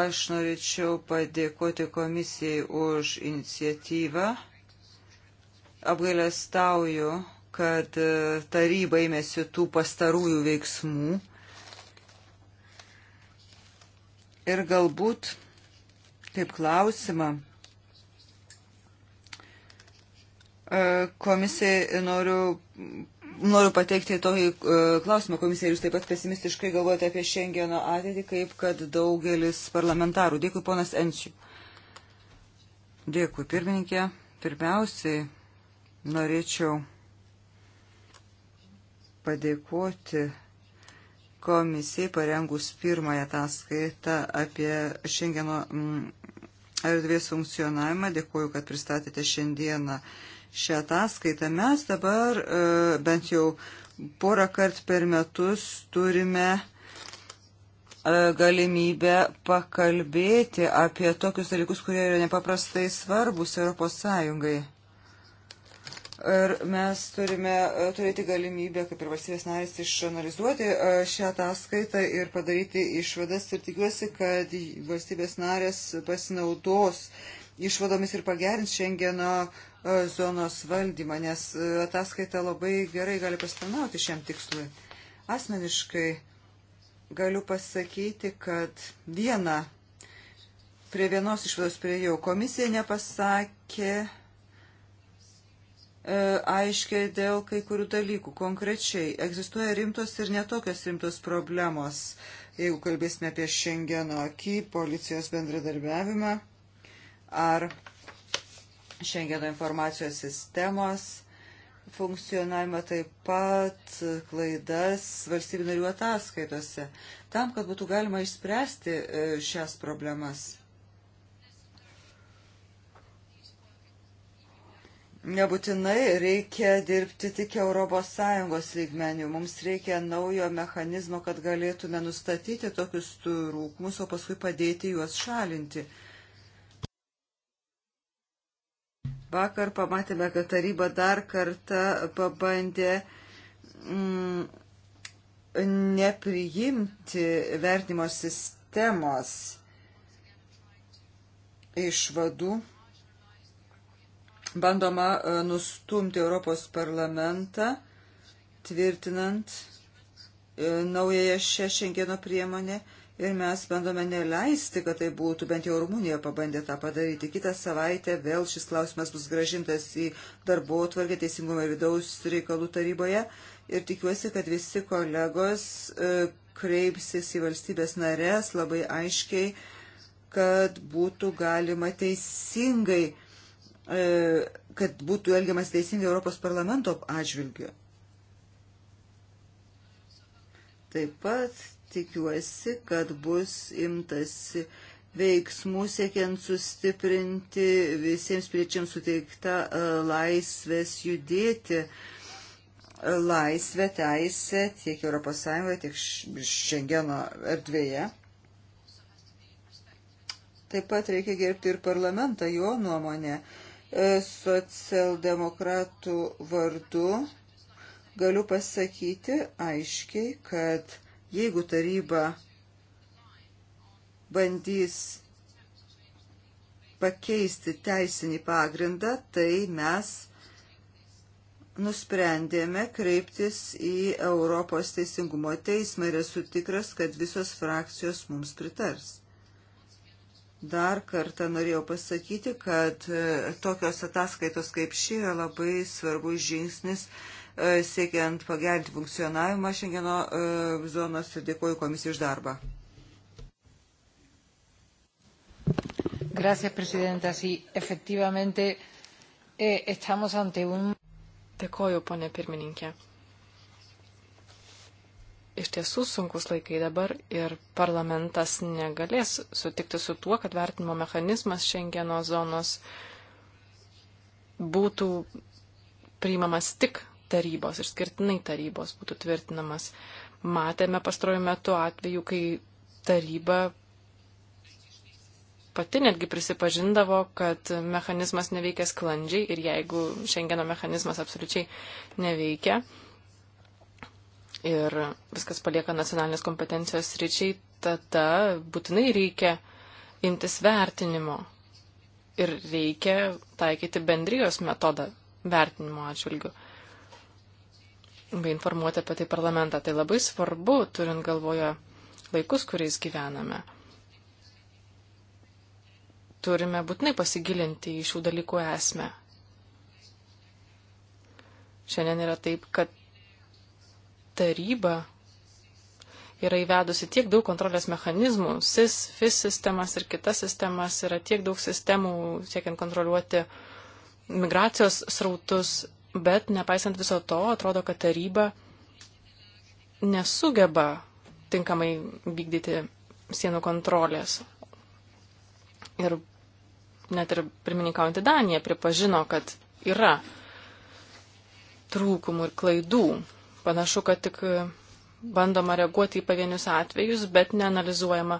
Aš norėčiau padėkoti komisijai už iniciatyvą. Apgailestauju, kad taryba ėmėsi tų pastarųjų veiksmų Ir galbūt kaip klausimą e, komisijai noriu, noriu pateikti tokį e, klausimą komisijai. Jūs taip pat pesimistiškai galvojate apie Šengeno ateitį, kaip kad daugelis parlamentarų. Dėkui, ponas Enčių. Dėkui, pirmininkė. Pirmiausiai norėčiau padėkoti komisijai parengus pirmąją ataskaitą apie Šengeno mm, erdvės funkcionavimą. Dėkuoju, kad pristatėte šiandieną šią ataskaitą. Mes dabar e, bent jau porą kart per metus turime e, galimybę pakalbėti apie tokius dalykus, kurie yra nepaprastai svarbus Europos Sąjungai. Ir mes turime e, turėti galimybę, kaip ir valstybės narės, išanalizuoti e, šią ataskaitą ir padaryti išvadas. Ir tikiuosi, kad valstybės narės pasinaudos išvadomis ir pagerins šiandieno e, zonos valdymą, nes ataskaita labai gerai gali pasitarnauti šiam tikslui. Asmeniškai galiu pasakyti, kad viena prie vienos išvados prie jau komisija nepasakė E, aiškiai dėl kai kurių dalykų. Konkrečiai egzistuoja rimtos ir netokios rimtos problemos, jeigu kalbėsime apie Šengeno akį, policijos bendradarbiavimą ar Šengeno informacijos sistemos funkcionavimą taip pat klaidas valstybinarių ataskaitose, tam, kad būtų galima išspręsti e, šias problemas. Nebūtinai reikia dirbti tik ES lygmenių. Mums reikia naujo mechanizmo, kad galėtume nustatyti tokius trūkumus, o paskui padėti juos šalinti. Vakar pamatėme, kad taryba dar kartą pabandė mm, nepriimti vertimo sistemos išvadų bandoma e, nustumti Europos parlamentą, tvirtinant e, naująją šešengeno priemonę ir mes bandome neleisti, kad tai būtų, bent jau Rumunija pabandė tą padaryti. Kitą savaitę vėl šis klausimas bus gražintas į darbo tvarkę Teisingumo ir vidaus reikalų taryboje ir tikiuosi, kad visi kolegos e, kreipsis į valstybės narės labai aiškiai, kad būtų galima teisingai E, kad būtų elgiamas teisingai Europos parlamento atžvilgiu. Taip pat tikiuosi, kad bus imtasi veiksmų siekiant sustiprinti visiems piliečiams suteiktą e, laisvės judėti e, laisvę teisę tiek ES, tiek Šengeno erdvėje. Taip pat reikia gerbti ir parlamentą, jo nuomonę. Uh, E, socialdemokratų vardu galiu pasakyti aiškiai, kad jeigu taryba bandys pakeisti teisinį pagrindą, tai mes nusprendėme kreiptis į Europos teisingumo teismą ir esu tikras, kad visos frakcijos mums pritars. Dar kartą norėjau pasakyti, kad e, tokios ataskaitos kaip ši yra labai svarbus žingsnis e, siekiant pagerinti funkcionavimą Šengeno e, zonos ir dėkoju komisijai už darbą. Gracias, presidenta. Sí, efectivamente, eh, estamos ante un. Dėkoju, ponė pirmininkė iš tiesų sunkus laikai dabar ir parlamentas negalės sutikti su tuo, kad vertinimo mechanizmas Schengeno zonos būtų priimamas tik tarybos, išskirtinai tarybos būtų tvirtinamas. Matėme pastarojų metų atveju, kai taryba pati netgi prisipažindavo, kad mechanizmas neveikia sklandžiai ir jeigu Schengeno mechanizmas absoliučiai neveikia, ir viskas palieka nacionalinės kompetencijos ryčiai, tada būtinai reikia imtis vertinimo ir reikia taikyti bendrijos metodą vertinimo atžvilgiu bei informuoti apie tai parlamentą. Tai labai svarbu, turint galvoje laikus, kuriais gyvename. Turime būtinai pasigilinti į šių dalykų esmę. Šiandien yra taip, kad taryba yra įvedusi tiek daug kontrolės mechanizmų, SIS, FIS sistemas ir kitas sistemas, yra tiek daug sistemų siekiant kontroliuoti migracijos srautus, bet nepaisant viso to, atrodo, kad taryba nesugeba tinkamai vykdyti sienų kontrolės. Ir net ir pirmininkaujantį Daniją pripažino, kad yra trūkumų ir klaidų Panašu, kad tik e, bandoma reaguoti į pavienius atvejus, bet neanalizuojama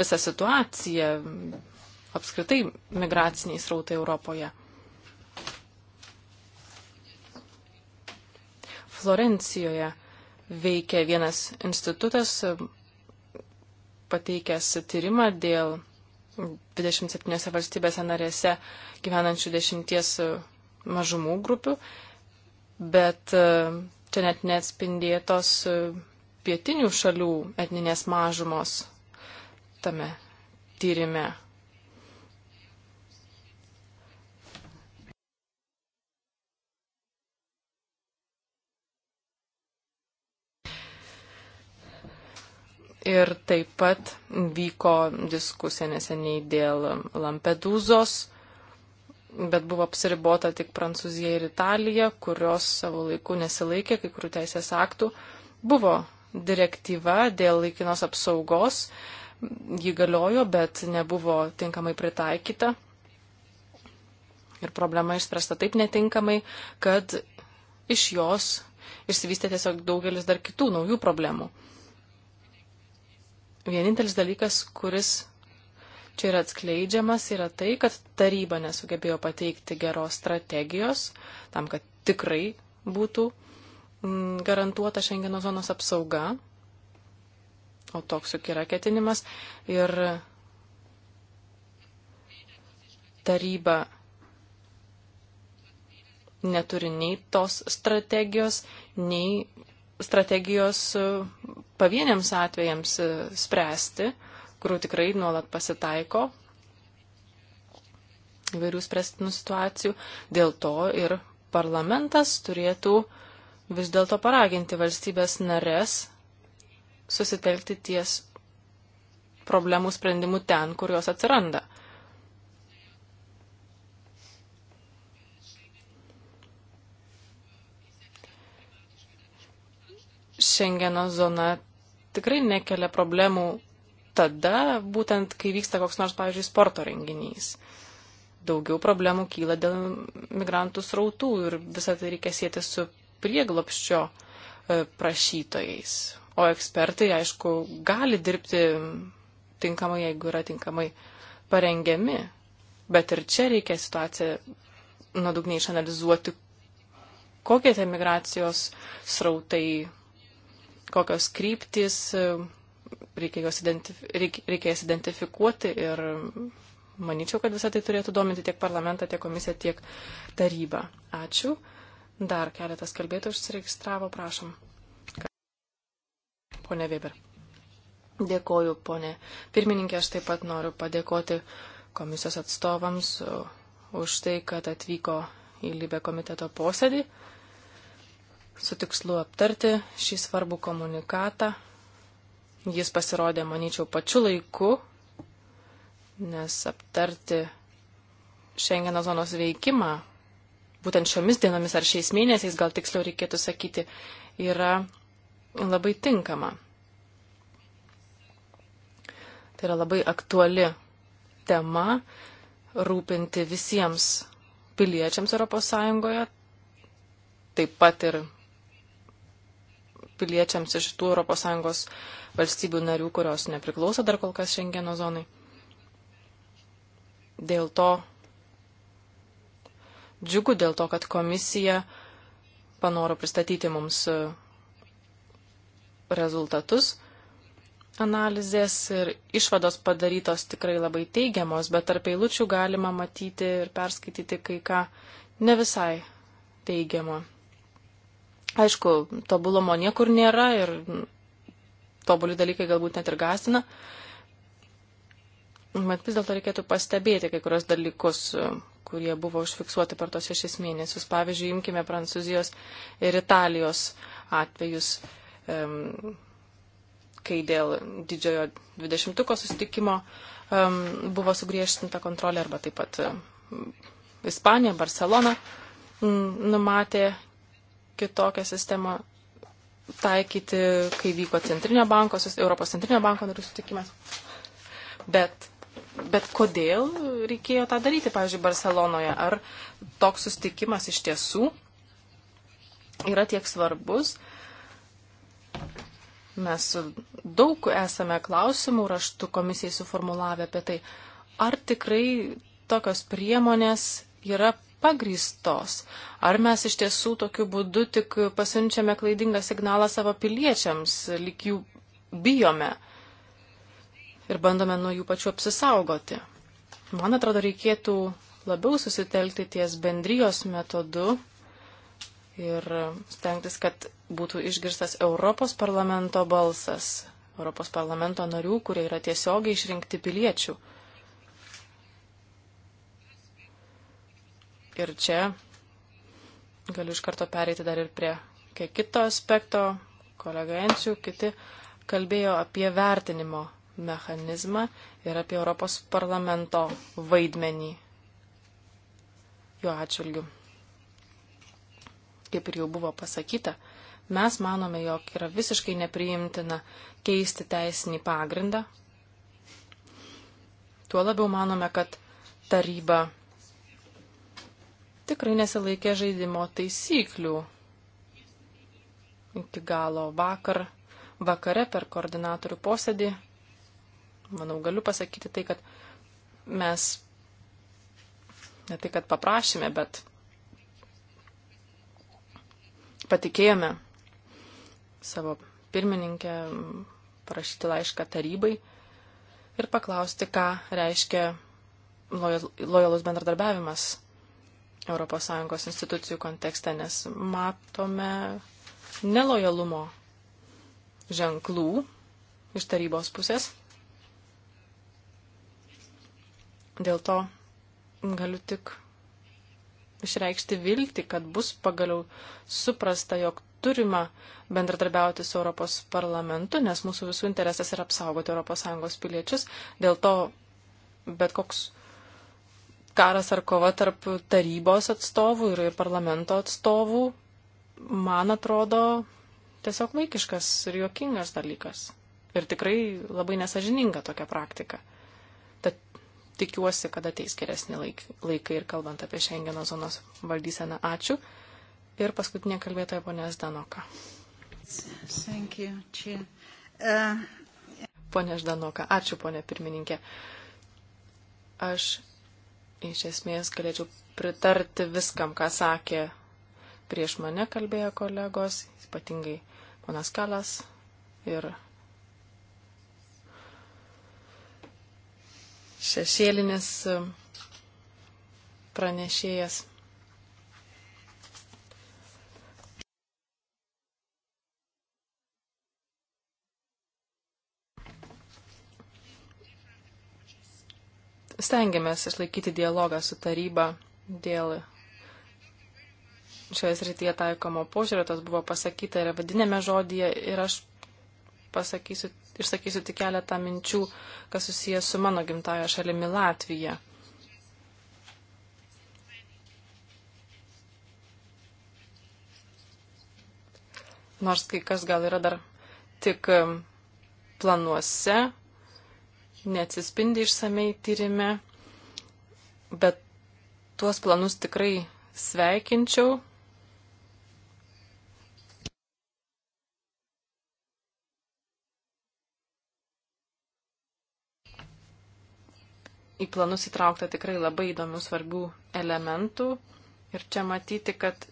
visa situacija, apskritai migraciniai srautai Europoje. Florencijoje veikia vienas institutas, e, pateikęs tyrimą dėl 27 valstybėse narėse gyvenančių dešimties e, mažumų grupių, bet Čia net neatspindėtos e, pietinių šalių etninės mažumos tame tyrime. Ir taip pat vyko diskusija neseniai dėl Lampedūzos bet buvo apsiribota tik Prancūzija ir Italija, kurios savo laiku nesilaikė kai kurių teisės aktų. Buvo direktyva dėl laikinos apsaugos, ji galiojo, bet nebuvo tinkamai pritaikyta. Ir problema išspręsta taip netinkamai, kad iš jos išsivystė tiesiog daugelis dar kitų naujų problemų. Vienintelis dalykas, kuris čia yra atskleidžiamas, yra tai, kad taryba nesugebėjo pateikti geros strategijos tam, kad tikrai būtų mm, garantuota Šengeno zonos apsauga, o toks juk yra ketinimas, ir taryba neturi nei tos strategijos, nei strategijos pavieniams atvejams e, spręsti kurių tikrai nuolat pasitaiko įvairių spręstinų situacijų. Dėl to ir parlamentas turėtų vis dėlto paraginti valstybės narės susitelkti ties problemų sprendimų ten, kur jos atsiranda. Šengeno zona tikrai nekelia problemų tada, būtent kai vyksta koks nors, pavyzdžiui, sporto renginys. Daugiau problemų kyla dėl migrantų srautų ir visą tai reikia sėti su prieglopščio e, prašytojais. O ekspertai, aišku, gali dirbti tinkamai, jeigu yra tinkamai parengiami. Bet ir čia reikia situaciją nuodugniai išanalizuoti, kokie tie migracijos srautai, kokios kryptis, e, reikia, juos identif reikia jas identifikuoti ir manyčiau, kad visą tai turėtų dominti tiek parlamentą, tiek komisiją, tiek tarybą. Ačiū. Dar keletas kalbėtų užsiregistravo, prašom. Pone Weber. Dėkoju, ponė. Pirmininkė, aš taip pat noriu padėkoti komisijos atstovams už tai, kad atvyko į Libę komiteto posėdį su tikslu aptarti šį svarbų komunikatą Jis pasirodė, manyčiau, pačiu laiku, nes aptarti Šengeno zonos veikimą, būtent šiomis dienomis ar šiais mėnesiais, gal tiksliau reikėtų sakyti, yra labai tinkama. Tai yra labai aktuali tema rūpinti visiems piliečiams ES, taip pat ir piliečiams iš tų ES valstybių narių, kurios nepriklauso dar kol kas Šengeno zonai. Dėl to džiugu, dėl to, kad komisija panoro pristatyti mums e, rezultatus analizės ir išvados padarytos tikrai labai teigiamos, bet tarp eilučių galima matyti ir perskaityti kai ką ne visai teigiamo. Aišku, tobulumo niekur nėra ir tobuli dalykai galbūt net ir gastina. Bet vis dėlto reikėtų pastebėti kai kurios dalykus, kurie buvo užfiksuoti per tos šešis mėnesius. Pavyzdžiui, imkime Prancūzijos ir Italijos atvejus, kai dėl didžiojo dvidešimtuko susitikimo buvo sugriežtinta kontrolė arba taip pat Ispanija, Barcelona mm, numatė kitokią sistemą taikyti, kai vyko Centrinio banko, Europos Centrinio banko narių sutikimas. Bet, bet kodėl reikėjo tą daryti, pavyzdžiui, Barcelonoje? Ar toks sustikimas iš tiesų yra tiek svarbus? Mes daug esame klausimų raštų komisijai suformulavę apie tai, ar tikrai tokios priemonės yra pagristos. Ar mes iš tiesų tokiu būdu tik pasiunčiame klaidingą signalą savo piliečiams, lik jų bijome ir bandome nuo jų pačių apsisaugoti. Man atrodo, reikėtų labiau susitelkti ties bendrijos metodu ir stengtis, kad būtų išgirstas Europos parlamento balsas, Europos parlamento narių, kurie yra tiesiogiai išrinkti piliečių. Ir čia galiu iš karto pereiti dar ir prie kito aspekto. Kolega Enčių, kiti kalbėjo apie vertinimo mechanizmą ir apie Europos parlamento vaidmenį jo atžvilgiu. Kaip ir jau buvo pasakyta, mes manome, jog yra visiškai nepriimtina keisti teisinį pagrindą. Tuo labiau manome, kad taryba tikrai nesilaikė žaidimo taisyklių. Iki galo vakar, vakare per koordinatorių posėdį, manau, galiu pasakyti tai, kad mes ne tai, kad paprašėme, bet patikėjome savo pirmininkę parašyti laišką tarybai ir paklausti, ką reiškia lojalus bendradarbiavimas ES institucijų kontekste, nes matome nelojalumo ženklų iš tarybos pusės. Dėl to galiu tik išreikšti viltį, kad bus pagaliau suprasta, jog turima bendradarbiauti su Europos parlamentu, nes mūsų visų interesas yra apsaugoti ES piliečius. Dėl to bet koks karas ar kova tarp tarybos atstovų ir, ir parlamento atstovų, man atrodo, tiesiog vaikiškas ir juokingas dalykas. Ir tikrai labai nesažininga tokia praktika. Tad tikiuosi, kad ateis geresni laikai ir kalbant apie Šengeno zonos valdyseną. Ačiū. Ir paskutinė kalbėtoja ponė Zdanoka. Pone Ždanoka, ačiū ponė pirmininkė. Aš iš esmės galėčiau pritarti viskam, ką sakė prieš mane kalbėjo kolegos, ypatingai ponas Kalas ir šešėlinis pranešėjas. stengiamės išlaikyti dialogą su taryba dėl šioje srityje taikomo požiūrio, tas buvo pasakyta ir vadinėme žodyje ir aš pasakysiu, išsakysiu tik keletą minčių, kas susijęs su mano gimtaja šalimi Latvija. Nors kai kas gal yra dar tik planuose, neatsispindi išsamei tyrime, bet tuos planus tikrai sveikinčiau. Į planus įtraukta tikrai labai įdomių svarbių elementų ir čia matyti, kad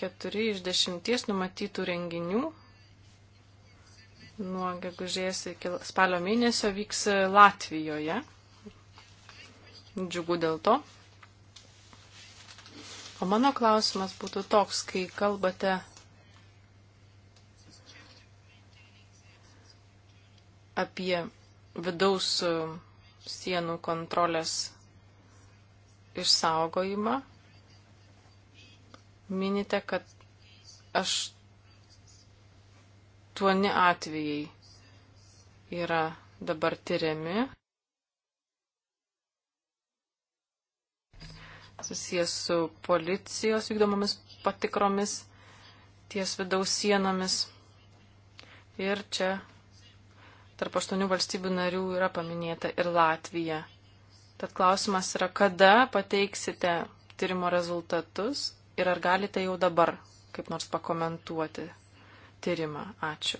keturi iš dešimties numatytų renginių nuo gegužės iki spalio mėnesio vyks Latvijoje. Džiugu dėl to. O mano klausimas būtų toks, kai kalbate apie vidaus sienų kontrolės išsaugojimą, minite, kad aš aštuoni atvejai yra dabar tyriami. susijęs su policijos vykdomomis patikromis ties vidaus sienomis. Ir čia tarp aštuonių valstybių narių yra paminėta ir Latvija. Tad klausimas yra, kada pateiksite tyrimo rezultatus ir ar galite jau dabar kaip nors pakomentuoti tyrimą. Ačiū.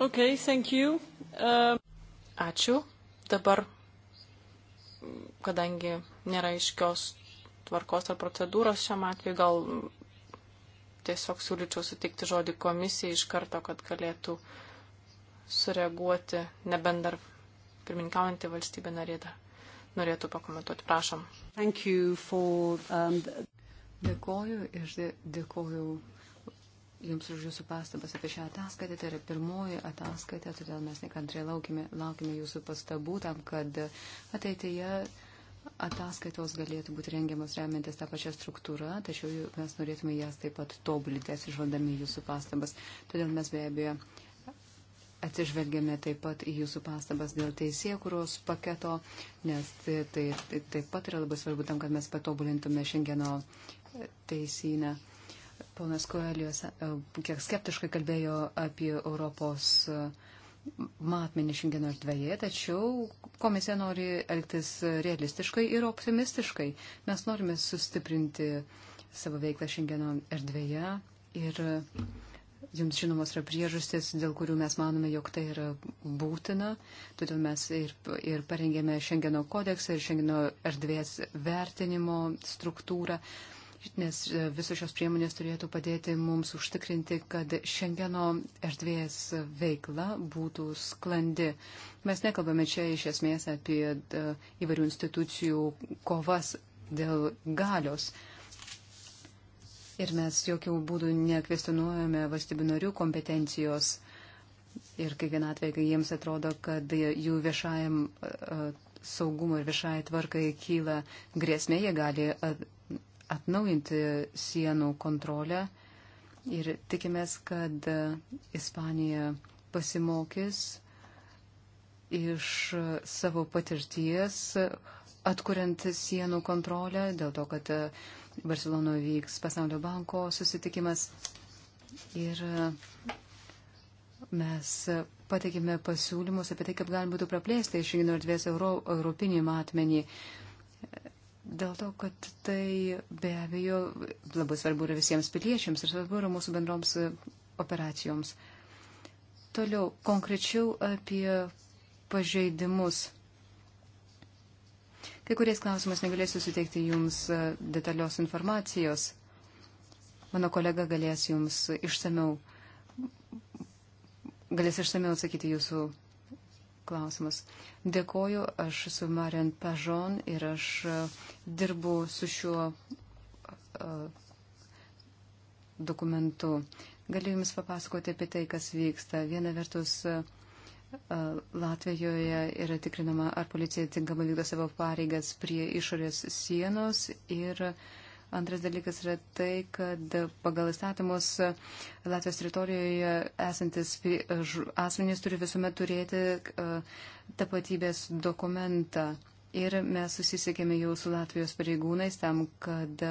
Okay, thank you. Um... Ačiū. Dabar, kadangi nėra iškios tvarkos ar procedūros šiam atveju, gal tiesiog siūlyčiau sutikti žodį komisijai iš karto, kad galėtų sureaguoti, nebent dar pirmininkaujantį valstybę narėdą norėtų pakomentuoti. Prašom. For, um, the... Dėkoju ir dėkoju Jums už Jūsų pastabas apie šią ataskaitę. Tai yra pirmoji ataskaitė, todėl mes nekantriai laukime, laukime Jūsų pastabų tam, kad ateityje ataskaitos galėtų būti rengiamas remiantis tą pačią struktūrą, tačiau mes norėtume jas taip pat tobulinti, atsižvaldami Jūsų pastabas. Todėl mes be abejo atsižvelgiame taip pat į jūsų pastabas dėl teisėkuros paketo, nes tai, tai, tai taip pat yra labai svarbu tam, kad mes patobulintume šiandieno teisinę. Ponas Koelijos e, kiek skeptiškai kalbėjo apie Europos e, matmenį šiandien ar dvieje, tačiau komisija nori elgtis realistiškai ir optimistiškai. Mes norime sustiprinti savo veiklą šiandieno erdvėje ir jums žinomos yra priežastis, dėl kurių mes manome, jog tai yra būtina. Todėl mes ir, ir parengėme Šengeno kodeksą ir Šengeno erdvės vertinimo struktūrą nes e, visos šios priemonės turėtų padėti mums užtikrinti, kad Šengeno erdvės veikla būtų sklandi. Mes nekalbame čia iš esmės apie e, įvairių institucijų kovas dėl galios. Ir mes jokių būdų nekvestinuojame valstybių narių kompetencijos. Ir kiekvieną atveju jiems atrodo, kad jų viešajam e, saugumo ir viešai tvarkai kyla grėsmė, jie gali atnaujinti sienų kontrolę ir tikimės, kad Ispanija pasimokys iš savo patirties atkuriant sienų kontrolę, dėl to, kad Barcelonoje vyks Pasaulio banko susitikimas. Ir mes pateikėme pasiūlymus apie tai, kaip galima būtų praplėsti iš Šengeno erdvės euro, europinį matmenį. Dėl to, kad tai be abejo labai svarbu yra visiems piliečiams ir svarbu yra mūsų bendroms e, operacijoms. Toliau, konkrečiau apie pažeidimus. Kai kuriais klausimas negalėsiu suteikti Jums e, detalios informacijos. Mano kolega galės Jums išsameu, galės išsameu atsakyti Jūsų klausimus. Dėkoju, aš esu Marian Pažon ir aš e, dirbu su šiuo e, dokumentu. Galiu Jums papasakoti apie tai, kas vyksta. Viena vertus, e, Latvijoje yra tikrinama, ar policija tinkamai vykdo savo pareigas prie išorės sienos ir uh, Antras dalykas yra tai, kad pagal įstatymus Latvijos teritorijoje esantis asmenys turi visuomet turėti e, tapatybės dokumentą. Ir mes susisiekėme jau su Latvijos pareigūnais tam, kad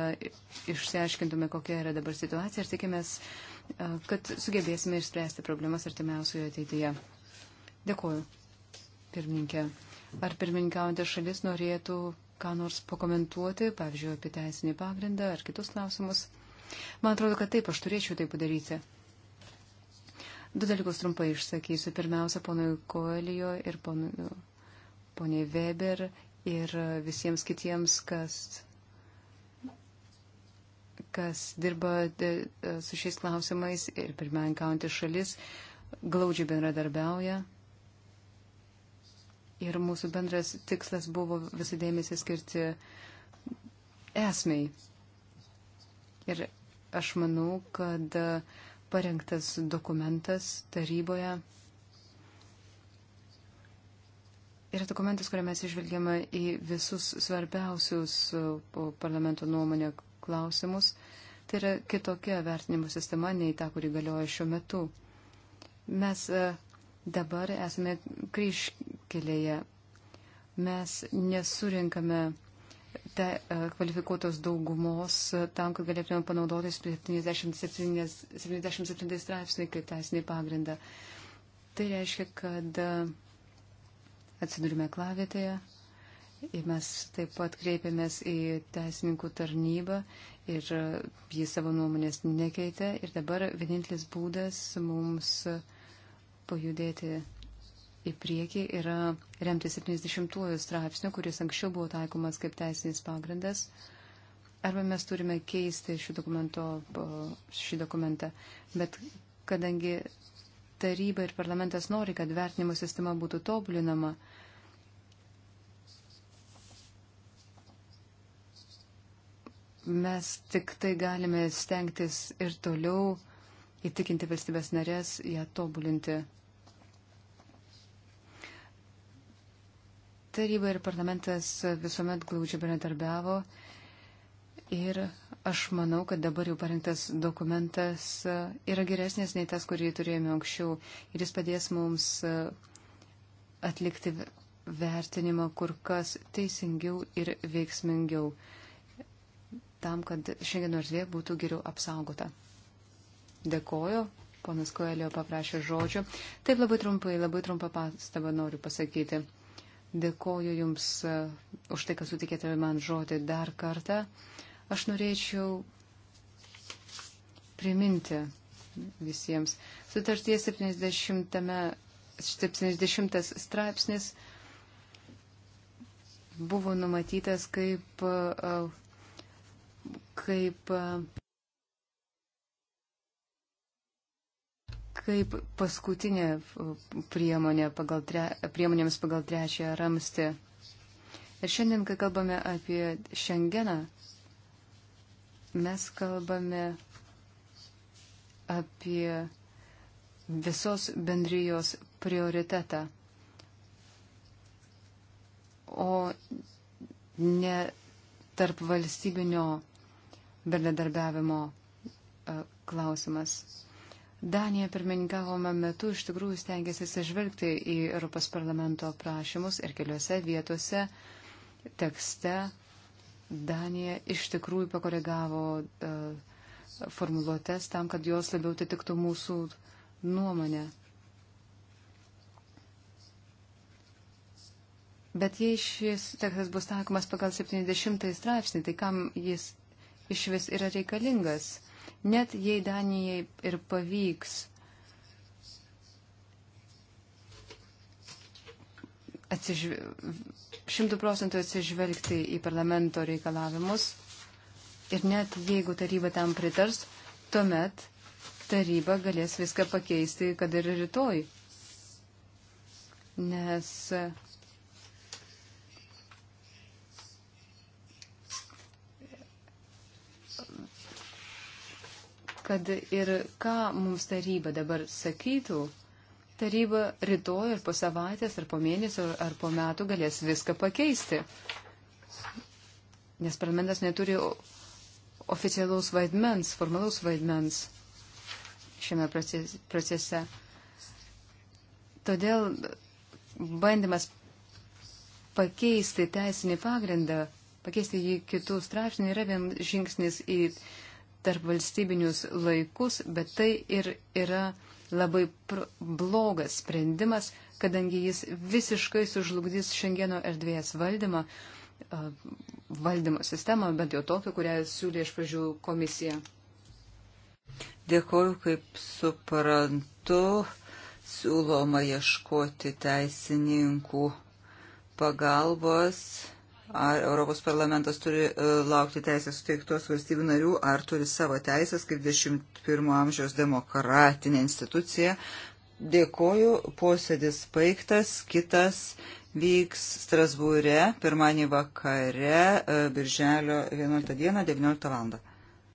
išsiaiškintume, kokia yra dabar situacija ir tikimės, e, kad sugebėsime išspręsti problemas artimiausioje ateityje. Dėkuoju, pirmininkė. Ar pirmininkaujantė šalis norėtų ką nors pakomentuoti, pavyzdžiui, apie teisinį pagrindą ar kitus klausimus? Man atrodo, kad taip, aš turėčiau tai padaryti. Du dalykus trumpai išsakysiu. Pirmiausia, ponui Koelijo ir poniai Weber ir visiems kitiems, kas, kas dirba de, su šiais klausimais ir pirmininkaujantys šalis glaudžiai bendradarbiauja. Ir mūsų bendras tikslas buvo visą dėmesį skirti esmei. Ir aš manau, kad parengtas dokumentas taryboje yra dokumentas, kuriame mes išvelgiame į visus svarbiausius parlamento nuomonę klausimus. Tai yra kitokia vertinimo sistema nei ta, kuri galioja šiuo metu. Mes e, dabar esame kryškelėje. Mes nesurinkame te, e, kvalifikuotos daugumos tam, kad galėtume panaudoti 77, 77 straipsnį kaip teisinį pagrindą. Tai reiškia, kad e, atsidurime klavietėje ir mes taip pat kreipėmės į teisininkų tarnybą ir e, jis savo nuomonės nekeitė ir dabar vienintelis būdas mums uh, pajudėti į priekį yra remti 70-ųjų straipsnių, kuris anksčiau buvo taikomas kaip teisinis pagrindas. Arba mes turime keisti šį, šį dokumentą. Bet kadangi taryba ir parlamentas nori, kad vertinimo sistema būtų tobulinama, mes tik tai galime stengtis ir toliau įtikinti valstybės narės ją tobulinti. Taryba ir parlamentas visuomet glaudžiai bendradarbiavo ir aš manau, kad dabar jau parengtas dokumentas yra geresnis nei tas, kurį turėjome anksčiau ir jis padės mums atlikti vertinimą kur kas teisingiau ir veiksmingiau tam, kad šiandien nors vėl būtų geriau apsaugota. Dėkoju. Ponas Koelio paprašė žodžio. Taip labai trumpai, labai trumpą pastabą noriu pasakyti. Dėkoju Jums e, už tai, kad sutikėte man žodį dar kartą. Aš norėčiau priminti visiems. Sutarties 70, 70 straipsnis buvo numatytas kaip, e, kaip e, kaip paskutinė priemonė pagal tre, priemonėms pagal trečią ramstį. Ir šiandien, kai kalbame apie šiandieną, mes kalbame apie visos bendrijos prioritetą, o ne tarp valstybinio bendradarbiavimo e, klausimas. Danija pirmininkavome metu iš tikrųjų stengiasi sižvelgti į Europos parlamento prašymus ir keliose vietose tekste Danija iš tikrųjų pakoregavo uh, e, formuluotės tam, kad jos labiau atitiktų mūsų nuomonę. Bet jei šis tekstas bus taikomas pagal 70 straipsnį, tai kam jis iš vis yra reikalingas? Net jei Danijai ir pavyks šimtų procentų atsižvelgti į parlamento reikalavimus ir net jeigu taryba tam pritars, tuomet taryba galės viską pakeisti, kad ir rytoj. Nes uh, kad ir ką mums taryba dabar sakytų, taryba rytoj ir po savaitės, ar po mėnesio, ar po metų galės viską pakeisti. Nes parlamentas neturi oficialaus vaidmens, formalaus vaidmens šiame procese. Todėl bandymas pakeisti teisinį pagrindą, pakeisti jį kitų straipsnių yra vien žingsnis į tarp valstybinius laikus, bet tai ir yra labai blogas sprendimas, kadangi jis visiškai sužlugdys Šengeno erdvės valdymą, valdymo sistemą, bent jau tokią, kurią siūlė iš pradžių komisija. Dėkoju, kaip suprantu, siūloma ieškoti teisininkų pagalbos Ar Europos parlamentas turi e, laukti teisės suteiktos valstybių narių, ar turi savo teisės kaip 21 amžiaus demokratinė institucija. Dėkoju, posėdis baigtas, kitas vyks Strasbūre pirmąjį vakare, e, birželio 11 dieną, 19 val.